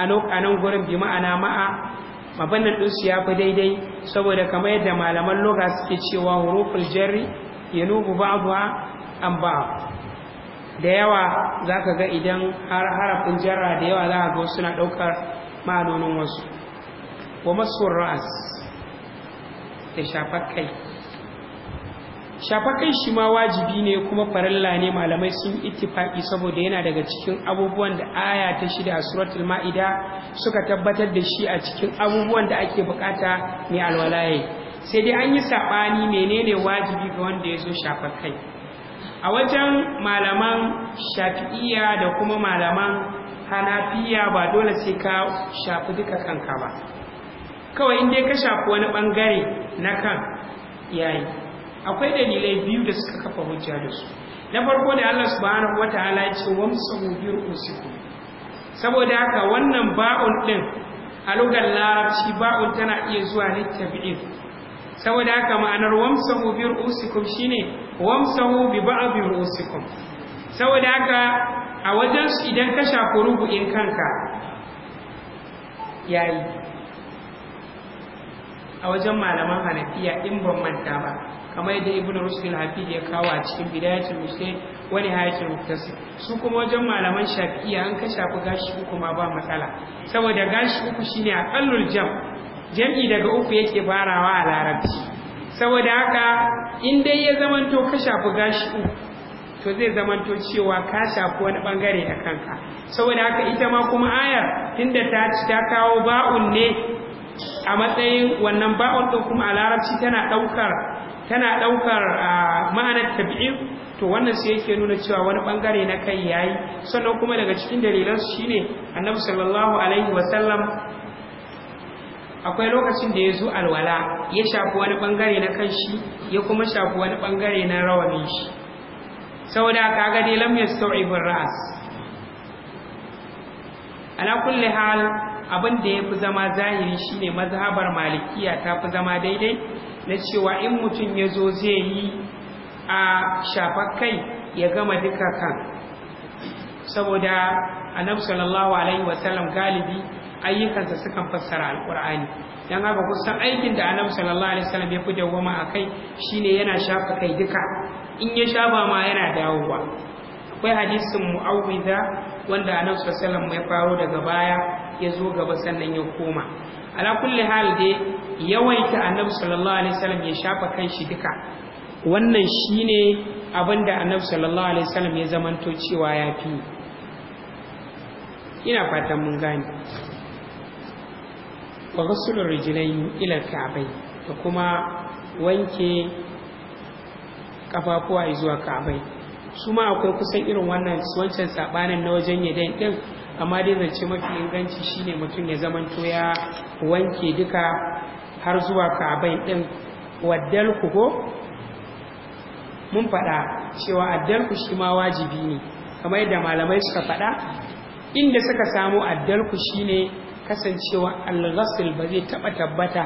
a nan gurin bi ma'ana ma'a mabannan ɗinsu ya fi daidai saboda kamar yadda malaman loga suke cewa hurufin jari ya nubu ba'duha an ba da yawa za ka ga idan har harafin jarra da yawa za ka ga wasu ɗaukar ma'anonin wasu wa masu ra'as da shafar kai shafar kai shi ma wajibi ne kuma farilla ne malamai sun ittifaki saboda yana daga cikin abubuwan da aya ta shida a suratul ma'ida suka tabbatar da shi a cikin abubuwan da ake bukata ne alwalaye sai dai an yi saɓani menene wajibi ga wanda ya zo shafar kai a wajen malaman shafi'iyya da kuma malaman hanafiya ba dole sai ka shafi duka kanka ba kawai in dai ka shafi wani bangare na kan yayi akwai dalilai biyu da suka kafa hujja da su na farko da Allah subhanahu wataala ya ce wamsahu bi ru'usikum saboda haka wannan ba'un din a lugar larabci ba'un tana iya zuwa ne tabi'in saboda haka ma'anar wamsahu bi ru'usikum shine wamsahu bi ba'd ru'usikum saboda haka a wajen su idan ka shafi rubu'in kanka yayi a wajen malaman hanafiya in ban manta ba kamar yadda Ibn rushd hafi hafiz ya kawo a cikin bidayatul mujtahid wani hayati muktasi su kuma wajen malaman shafi'iya an ka shafi gashi uku ma ba matsala saboda gashi uku shine aqallul jam jam'i daga uku yake barawa a larabci saboda haka in dai ya zamanto ka shafi gashi uku to zai zamanto cewa ka shafi wani bangare da kanka saboda haka ita ma kuma ayar tunda ta ci ta kawo ba'un ne a matsayin wannan ba'on ɗin kuma a larabci tana ɗaukar tana ɗaukar ma'anar tabi'in to wannan sai yake nuna cewa wani ɓangare na kai yayi sannan kuma daga cikin dalilan shine annabi sallallahu alaihi wa sallam, akwai lokacin da ya zo alwala ya shafi wani ɓangare na kan shi ya kuma shafi wani ɓangare na rawanin shi saboda ga dai lam yastaw'ibur ra's ala kulli hal abin da ya fi zama zahiri shine mazhabar malikiya ta fi zama daidai na cewa in mutum ya zo zai yi a shafar kai ya gama duka kan saboda annabi sallallahu alaihi wasallam galibi ayyukansa sukan fassara alkur'ani don haka kusan aikin da annabi sallallahu alaihi wasallam ya fi dawwama a kai shine yana shafa kai duka in ya shafa ma yana dawowa akwai hadisin mu'awwiza wanda annabi sallallahu alaihi wasallam ya faro daga baya ya zo gaba sannan ya koma ala kulli hal dai yawaita annabi sallallahu alaihi wasallam ya shafa kanshi duka wannan shine abin da annabi sallallahu alaihi wasallam ya zamanto cewa ya fi ina fatan mun gane wa ghusl rijlayn ila ka'bayn da kuma wanke kafafuwa zuwa ka'bayn su ma akwai kusan irin wannan wancan sabanin na wajen yadain din amma dai zance mafi inganci shine mutum ya zamanto ya wanke duka har zuwa ka'abai ɗin waddal ku ko mun faɗa cewa addalku shi ma wajibi ne kamar yadda malamai suka faɗa inda suka samu addalku shine kasancewa al ba zai taba tabbata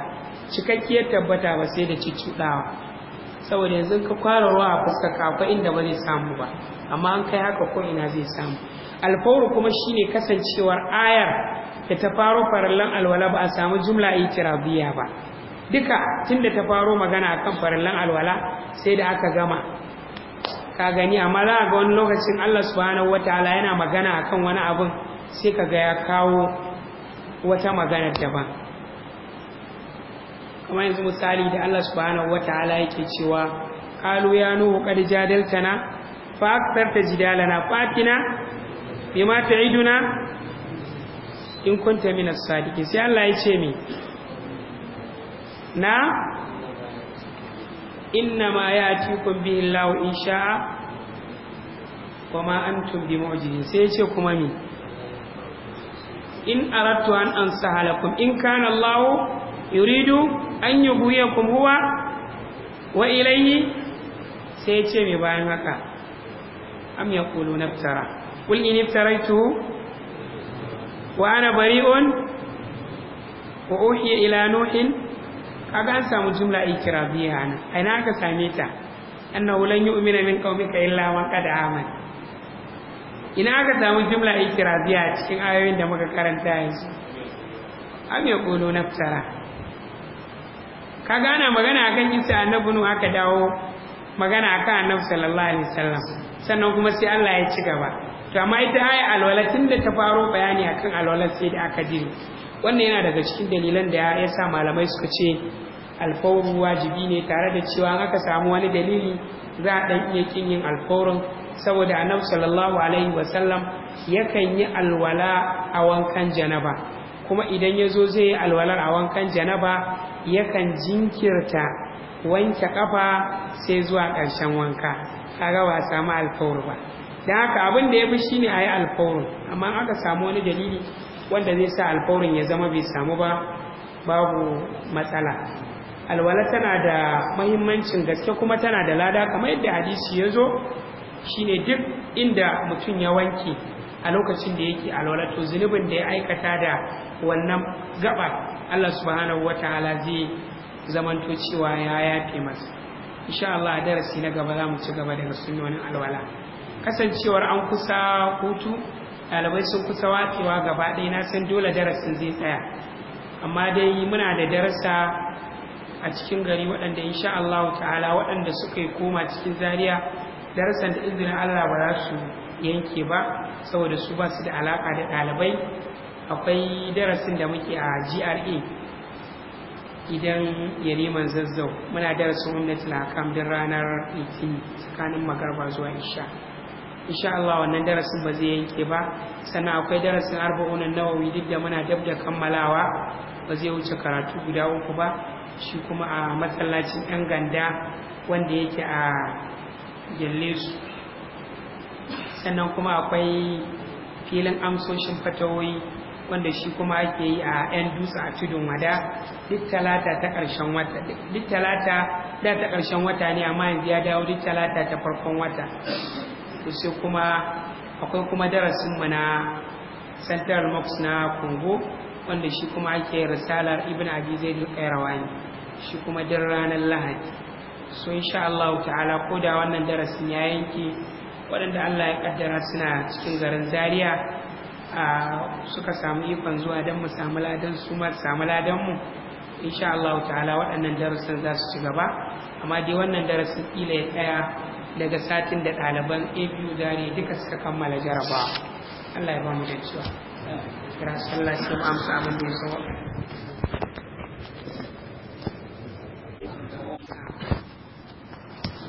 cikakkiyar tabbata ba sai da cicuɗawa saboda yanzu ka kwara ruwa a fuska kafa inda ba zai samu ba amma an kai haka ko ina zai samu alfawar kuma shine kasancewar ayar da ta faro farallan alwala ba a samu jumla itirabiya ba duka tunda ta faro magana a kan farallan alwala sai da aka gama ka gani amma za ga wani lokacin Allah subhanahu wataala yana magana a kan wani abin sai kaga ya kawo wata magana daban kuma yanzu misali da Allah subhanahu wataala yake cewa Kalu ya nuhu qad jadaltana fa aktarta jidalana fatina bima taiduna in kunta min asadiqin sai allah ya ce min na innama ya tikun bihin lawo in sha'a kuma an tumbi ma'ajirin sai ya ce kuma min in arattu an an sahalakum in kana allahu yuridu an yi buyekum huwa wa ilayhi sai ya ce mai bayan haka am yaqulu naftara قل إن افتريته وأنا بريء وأوحي إلى نوح kaga an samu jumla أنا أنا كساميتا na لن same ta قومك إلا من min آمن إن man qad جملة ina aka samu jumla ikirabiya cikin ayoyin da muka karanta yanzu magana akan isa annabi nu aka dawo magana akan annabi sallallahu alaihi wasallam sannan kuma sai Allah ya ci gaba kama ita haya alwala tun da ta faro bayani akan alwala sai da aka jiri wannan yana daga cikin dalilan da ya sa malamai suka ce alfawru wajibi ne tare da cewa aka samu wani dalili za a ɗan iya ƙin yin alfawrun saboda annabi sallallahu alaihi wasallam yakan yi alwala a wankan janaba kuma idan ya zo zai yi alwalar a wankan janaba yakan jinkirta wanke kafa sai zuwa ƙarshen wanka kaga ba samu alfawar ba da haka abin da ya fi shi ne a yi alfaurin amma aka samu wani dalili wanda zai sa alfaurin ya zama bai samu ba babu matsala alwala tana da mahimmancin gaske kuma tana da lada kamar yadda hadisi ya zo shi ne duk inda mutum ya wanke a lokacin da yake alwala to zunubin da ya aikata da wannan gaba Allah subhanahu Ta'ala, zai zamanto cewa ya yafe masa insha Allah darasi na gaba za mu ci gaba daga sunnonin alwala kasancewar an kusa hutu ɗalibai sun kusa watsewa gaba ɗaya na san dole darasin zai tsaya amma dai muna da darasa a cikin gari waɗanda insha Allah ta'ala waɗanda suka yi koma cikin zariya, darasan da izinin Allah ba za su yanke ba saboda su ba su da alaƙa da ɗalibai akwai darasin da muke a GRA idan yariman zazzau muna darasin wanda na din ranar 18 tsakanin magarba zuwa isha insha Allah wannan darasin ba zai yanke ba sannan akwai darasin arba'un nawawi duk da muna dab da kammalawa ba zai wuce karatu guda uku ba shi kuma a masallacin yan ganda wanda yake a gillesu sannan kuma akwai filin amsoshin fatawoyi wanda shi kuma ake yi a 'yan dutse a tudun wada duk talata ta ƙarshen wata ta ƙarshen wata ne amma yanzu ya dawo duk talata ta farkon wata to sai kuma akwai kuma darasin na central mosque na Congo wanda shi kuma ake risalar Ibn Abi Zaid al rawani shi kuma din ranar Lahadi so insha Allah ta'ala ko da wannan darasin ya yanke waɗanda Allah ya kaddara suna cikin garin Zaria suka samu ikon zuwa don mu samu ladan su ma samu ladan mu insha Allah ta'ala waɗannan darasin za su ci gaba amma dai wannan darasin kila ya tsaya daga satin da ɗaliban abu zane duka suka kammala jaraba allah ya ba mu da cewa kira sallah sai mu amsa abin da ya sawa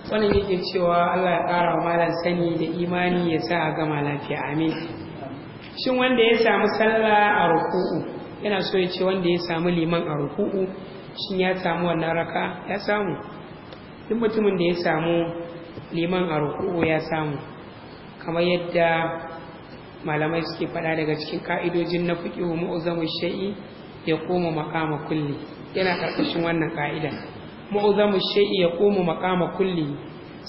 wannan yake cewa allah ya ƙara wa malam sani da imani ya sa a gama lafiya amin shin wanda ya samu sallah a ruku'u yana so ya ce wanda ya samu liman a ruku'u shin ya samu wannan raka ya samu duk mutumin da ya samu liman a ruku'u ya samu kamar yadda malamai suke faɗa daga cikin ka'idojin na wa mu'zamu sha'i ya koma makama kulli yana karkashin wannan ka'ida mu'zamu sha'i ya koma makama kulli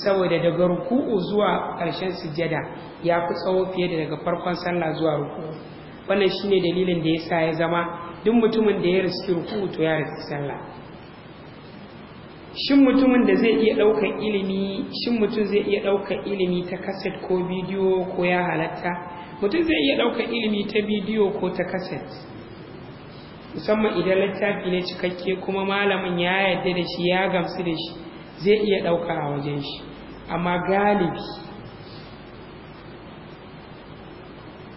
saboda daga ruku'u zuwa ƙarshen sujada ya fi tsawo fiye da daga farkon sallah zuwa ruku'u wannan shine dalilin da yasa ya zama duk mutumin da ya riski ruku'u to ya riski sallah shin mutumin da zai iya ɗaukar ilimi shin mutum zai iya ɗaukar ilimi ta kaset ko bidiyo ko ya halatta mutum zai iya ɗaukar ilimi ta bidiyo ko ta kaset musamman idan littafi ne cikakke kuma malamin ya yadda da shi ya gamsu da shi zai iya ɗauka a wajen shi amma galibi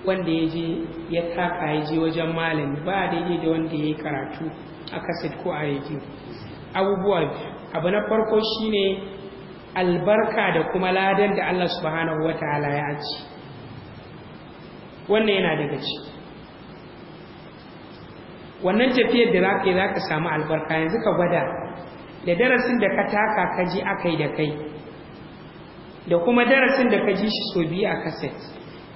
wanda ya je ya taka ya je wajen malami ba daidai da wanda ya yi karatu a kaset ko a rediyo abubuwa abu na farko shi ne albarka da kuma ladan da Allah subhanahu wataala ya aji wannan yana daga ci wannan tafiyar da zaka yi zaka samu albarka yanzu ka gwada da darasin da ka taka ka ji akai da kai da kuma darasin da ka ji shi so biyu a kaset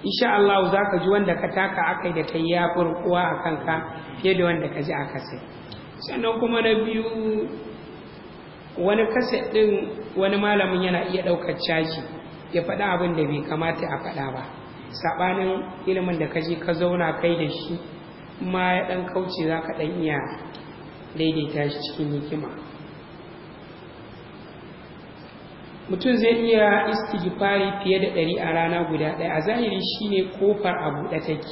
insha Allah za ka ji wanda ka taka akai da kai ya furkuwa a kanka fiye da wanda ka ji a kaset sannan kuma na biyu wani kaset ɗin wani malamin yana iya ɗaukar caji ya faɗa abin da bai kamata a faɗa ba saɓanin ilimin da ka je ka zauna kai da shi ma ya ɗan kauce za ka ɗan iya daidaita shi cikin hikima mutum zai iya istigi fari fiye da ɗari a rana guda ɗaya a zahiri shine kofar a buɗe take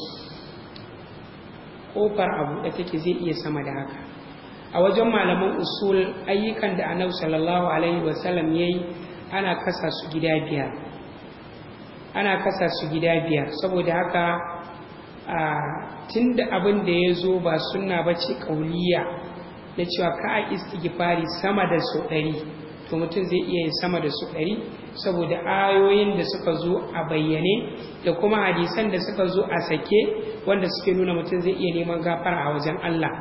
kofar a buɗe take zai iya sama da haka a wajen malaman usul ayyukan da annabi sallallahu alaihi wasallam yayi ana kasa su gida biyar ana kasa su gida biyar saboda haka a tunda abin da ya zo ba sunna ba ce kauliya na cewa ka a istighfari sama da su ɗari to mutum zai iya yin sama da su ɗari saboda ayoyin da suka zo a bayyane da kuma hadisan da suka zo a sake wanda suke nuna mutum zai iya neman gafara a wajen Allah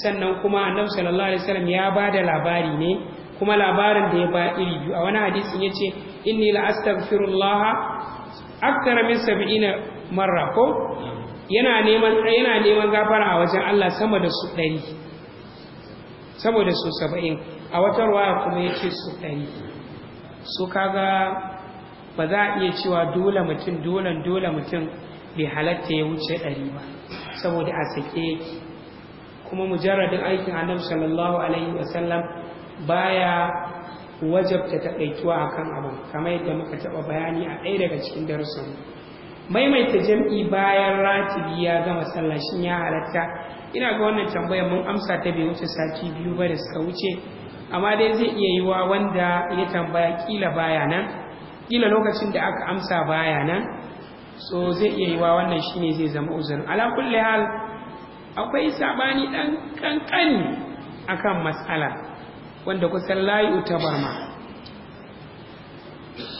sannan kuma annabi sallallahu alaihi wasallam ya ba da labari ne kuma labarin da ya ba iri biyu a wani hadisin ya ce inni la astaghfirullah akthar min 70 marra ko yana neman yana neman gafara a wajen Allah sama da su 100 saboda su 70 a wata ruwaya kuma yace su 100 su kaga ba za a iya cewa dole mutum dole dole mutum bai halatta ya wuce 100 ba saboda a sake yake kuma mujarradin aikin annabi sallallahu alaihi wasallam baya wajabta takaituwa akan abin kamar yadda muka taba bayani a ɗaya daga cikin darussan maimaita jam'i bayan ratibi ya gama sallah shin ya halatta ina ga wannan tambayar mun amsa ta bai wuce sati biyu ba da suka wuce amma dai zai iya wa wanda ya tambaya kila baya nan kila lokacin da aka amsa baya nan so zai iya yiwa wannan shine zai zama uzurin ala kulli hal akwai sabani ɗan ƙanƙani akan matsalar, wanda kusan layu ta ma.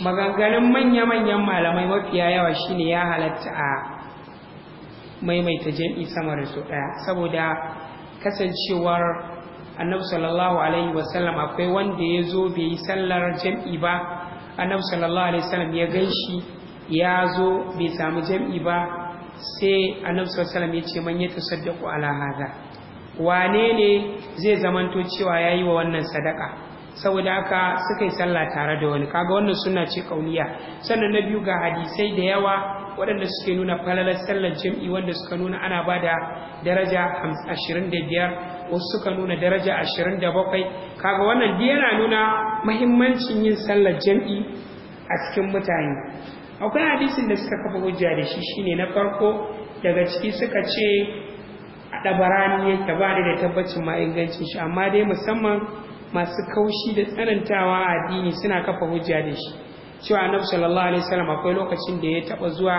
maganganun manya-manyan malamai mafiya yawa shine ya halatta a maimaita jam'i sama da su ɗaya saboda kasancewar annabi sallallahu alaihi wasallam akwai wanda ya zo bai yi sallar jam'i ba annabi sallallahu alaihi wasallam ya gan shi ya zo bai samu jam'i ba sai annabi sallallahu ya ce man ya tasaddaqu ala hadha wane ne zai zamanto cewa yayi wa wannan sadaka saboda haka suka yi sallah tare da wani kaga wannan sunna ce kauliya sannan na biyu ga hadisai da yawa waɗanda suke nuna falalar sallar jam'i wanda suka nuna ana bada da daraja 25 wasu suka nuna daraja 27 kaga wannan duk yana nuna mahimmancin yin sallar jam'i a cikin mutane akwai hadisin da suka kafa hujja da shi shine na farko daga ciki suka ce a ɗabarani yake ba da tabbacin ma ingancin shi amma dai musamman masu kaushi da tsanantawa a addini suna kafa hujja da shi cewa annabi sallallahu alaihi wasallam akwai lokacin da ya taba zuwa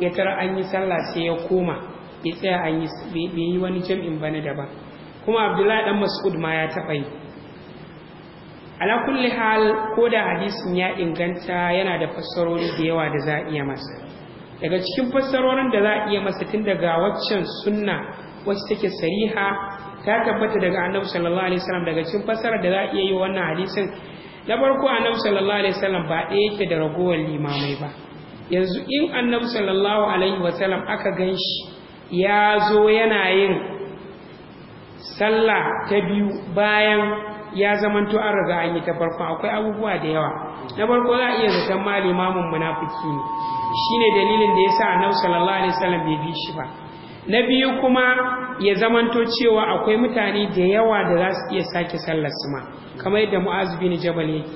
ya tara an yi sallah sai ya koma ya tsaya an yi wani jam'in bane daban kuma abdullahi dan mas'ud ma ya taɓa yi ala kulli hal ko da hadisin ya inganta yana da fassarori da yawa da za a iya masa daga cikin fassarorin da za a iya masa tun daga waccan sunna wacce take sariha ta tabbata daga annabi sallallahu alaihi wasallam daga cikin fassarar da za a iya yi wannan hadisin na farko annabi sallallahu alaihi wasallam ba ɗaya yake da ragowar limamai ba yanzu in annabi sallallahu alaihi wasallam aka gan shi ya zo yana yin sallah ta biyu bayan ya zamanto an riga an yi ta farko akwai abubuwa da yawa na farko za a iya zaton mali mamun munafiki ne shine dalilin da yasa annabi sallallahu alaihi wasallam bai bi shi ba na biyu kuma ya zamanto cewa akwai mutane da yawa da za su iya sake sallar su ma kamar yadda mu'az bin jabal yake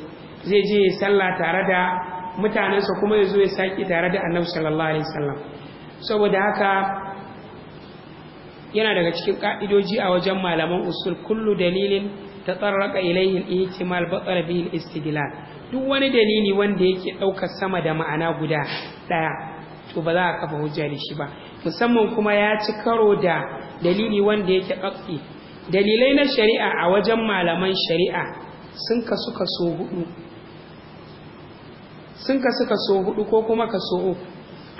zai je ya sallah tare da mutanensa kuma ya zo ya sake tare da annabi sallallahu alaihi wasallam saboda haka yana daga cikin ka'idoji a wajen malaman usul kullu dalilin tatarraka ilayhi al-ihtimal batar bihi al-istidlal duk wani dalili wanda yake ɗaukar sama da ma'ana guda ɗaya to ba za a kafa hujja da shi ba musamman kuma ya ci karo da dalili wanda yake ƙafi dalilai na shari'a a wajen malaman shari'a sun kasu hudu sun kasu kaso hudu ko kuma kaso uku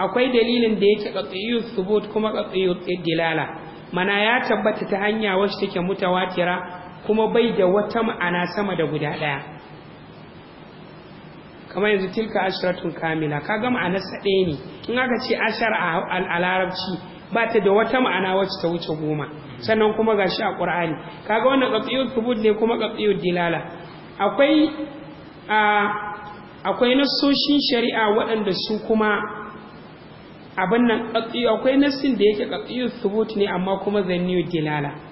akwai dalilin da yake qat'iyyu thubut kuma qat'iyyu dilala mana ya tabbata ta hanya wacce take mutawatira kuma bai da wata ma'ana sama da guda ɗaya Kama yanzu tilka ashiratun kamila ka a nasa ɗaya ne in aka ce ashar a larabci ba ta da wata ma'ana wacce ta wuce goma sannan kuma ga shi a ƙur'ani ga wannan ƙafiyar tubud ne kuma ƙafiyar dilala akwai akwai shari'a waɗanda su kuma abin nan akwai nasin da yake ƙafiyar tubud ne amma kuma zanniyar dilala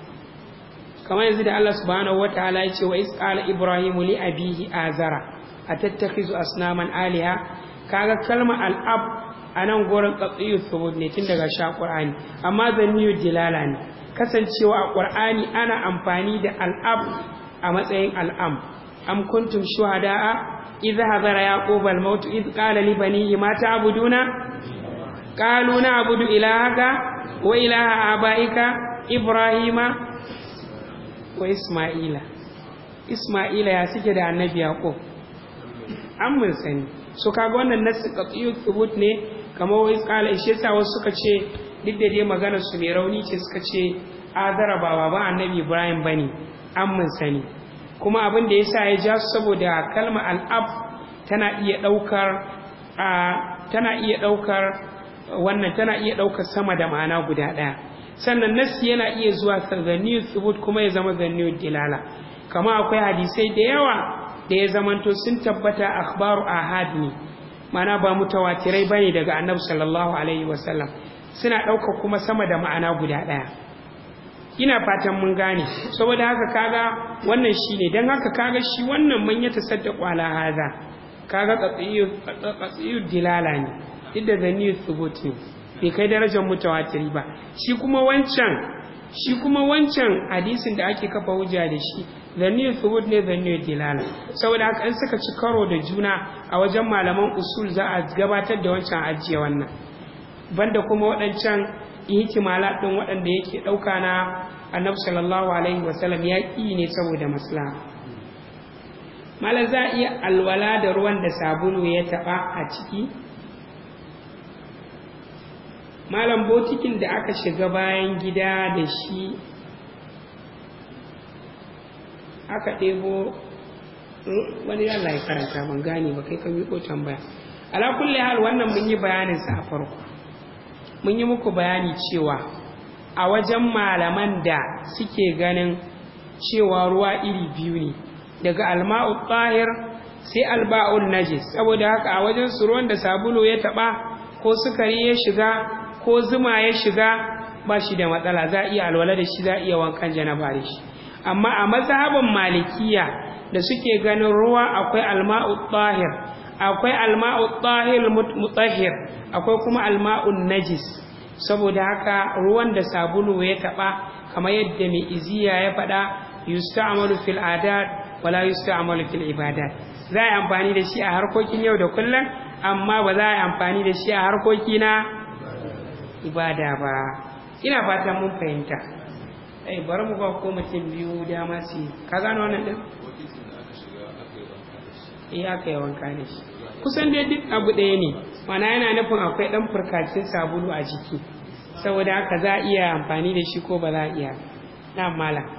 kamar yanzu da Allah subhanahu wataala ya ce wa isqala ibrahimu li abihi azara atattakhizu asnaman aliha kaga kalma al'ab anan gurin qatiyu thubut ne tun daga sha qur'ani amma zaniyu dilala ne kasancewa a qur'ani ana amfani da al'ab a matsayin al'am am kuntum shuhada'a idh hadara yaqub al-maut id qala li banihi ma ta'buduna qalu na'budu ilahaka wa ilaha abaika ibrahima ko isma'ila isma'ila ya suke da annabi yaqub an mun sani so kaga wannan nasu qat'iyyu thubut ne kamar wai ƙala ishe sa wasu suka ce duk da dai magana su mai rauni ce suka ce adara ba baban annabi ibrahim bane an mun sani kuma abin da sa ya ja saboda kalma al'ab tana iya ɗaukar wannan tana iya daukar sama da ma'ana guda ɗaya. sannan nassi yana iya zuwa zanniyu tsubut kuma ya zama zanniyu dilala kama akwai hadisai da yawa da ya zamanto sun tabbata akhbaru ahad ne mana ba mutawatirai bane daga annabi sallallahu alaihi wasallam suna ɗauka kuma sama da ma'ana guda ɗaya ina fatan mun gane saboda haka kaga wannan shine dan haka kaga shi wannan man ya tasaddaqu ala hada kaga tsatsiyu dilala ne duk da zanniyu ne bai kai darajar mutawatiri ba shi kuma wancan shi kuma wancan hadisin da ake kafa hujja da shi zanni thubut ne zanni dilala saboda haka an saka ci karo da juna a wajen malaman usul za a gabatar da wancan ajiye wannan banda kuma waɗancan ihtimala din waɗanda yake ɗauka na annabi sallallahu alaihi wasallam ya ƙi ne saboda maslaha malam za iya alwala da ruwan da sabulu ya taɓa a ciki malam botikin da aka shiga bayan gida da shi aka ɗebo hmm, wani yalla ya karanta ban gane ba kai ka miƙo tambaya ala kulli hal wannan mun yi bayanin sa a farko mun yi muku bayani cewa a wajen malaman da suke ganin cewa ruwa iri biyu ne daga alma'u tahir sai alba'ul najis saboda haka a wajen su ruwan da sabulu ya taɓa ko sukari ya shiga ko zuma ya shiga ba shi da matsala za iya alwala da shi za iya wankan janaba da shi amma a mazhabin malikiya da suke ganin ruwa akwai alma'u tahir akwai alma'u tahir mutahhir akwai kuma alma'un najis saboda haka ruwan da sabulu ya taba kamar yadda mai iziya ya faɗa yusta'malu fil adat wala yusta'malu fil ibadat za a yi amfani da shi a harkokin yau da kullum amma ba za a yi amfani da shi a harkoki na ibada ba ina fata mun fahimta ai eh, bari mu ba ko mutum biyu ma su ka gano wannan din eh aka kai wanka da shi kusan dai duk abu ɗaya ne mana yana nufin akwai ɗan furkacin sabulu a jiki saboda haka za a iya amfani da shi ko ba za a iya na malam.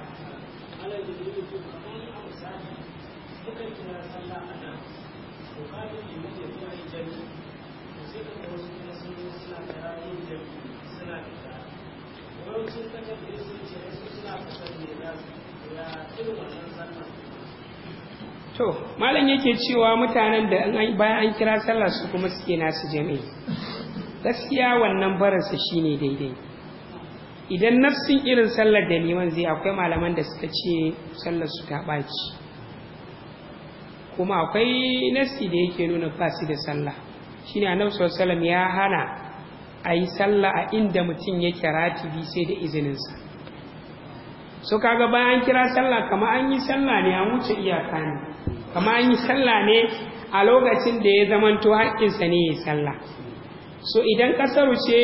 to malam yake cewa mutanen da bayan an kira sallah su kuma suke nasu jami'i gaskiya wannan barinsa shine daidai idan nafsin irin sallar da neman zai akwai malaman da suka ce sallar su ta ɓaci kuma akwai nasi da yake nuna fasi da sallah Shina annabi Salam ya hana a yi sallah a inda mutum yake ratibi sai da izininsa so kaga bayan kira sallah kama an yi sallah ne an wuce iyaka ne kama an yi sallah ne a lokacin da ya zamanto haƙƙinsa ne ya sallah so idan ƙasaru ce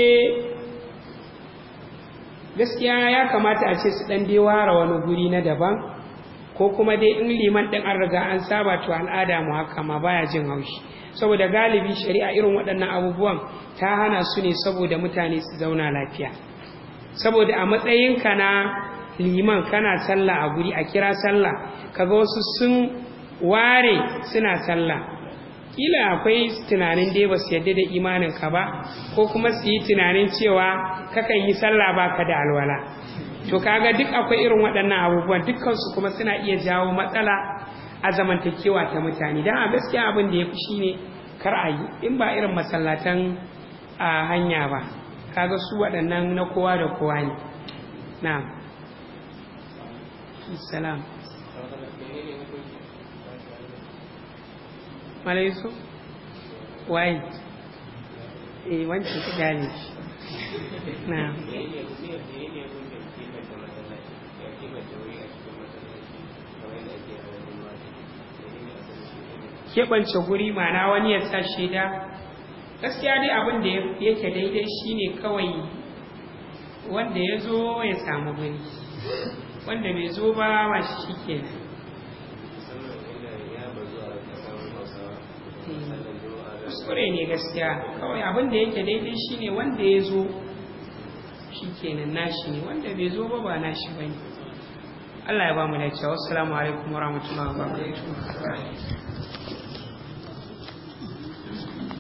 gaskiya ya kamata a ce su ɗan dai ware wani guri na daban ko kuma dai in liman ɗin an riga an saba to al'ada mu haka ma baya jin haushi saboda galibi shari'a irin waɗannan abubuwan ta hana su ne saboda mutane su zauna lafiya saboda a matsayinka na liman kana sallah a guri a kira sallah kaga wasu sun ware suna sallah kila akwai tunanin dai ba su yadda da imanin ka ba ko kuma su yi tunanin cewa kakan yi sallah ba ka da alwala to kaga duk akwai irin waɗannan abubuwan dukkansu kuma suna iya jawo matsala a zamantakewa ta mutane don a gaskiya abin da ya fi shine kar a yi in ba irin masallatan a hanya ba kaga su waɗannan na kowa da kowa ne na'am assalamu malai su eh wancan ki gane shi na keɓance guri mana wani ya sa shaida gaskiya dai abin da yake daidai shine kawai wanda ya zo ya samu gani wanda bai zo ba ma shi kenan suke yi kuskure ne gaskiya kawai abin da yake daidai shi ne wanda ya zo shi kenan nashi ne wanda bai zo ba ba nashi ba ne Allah ya ba mu dacewa wasu alaikum wa rahmatullahi wa barakatuh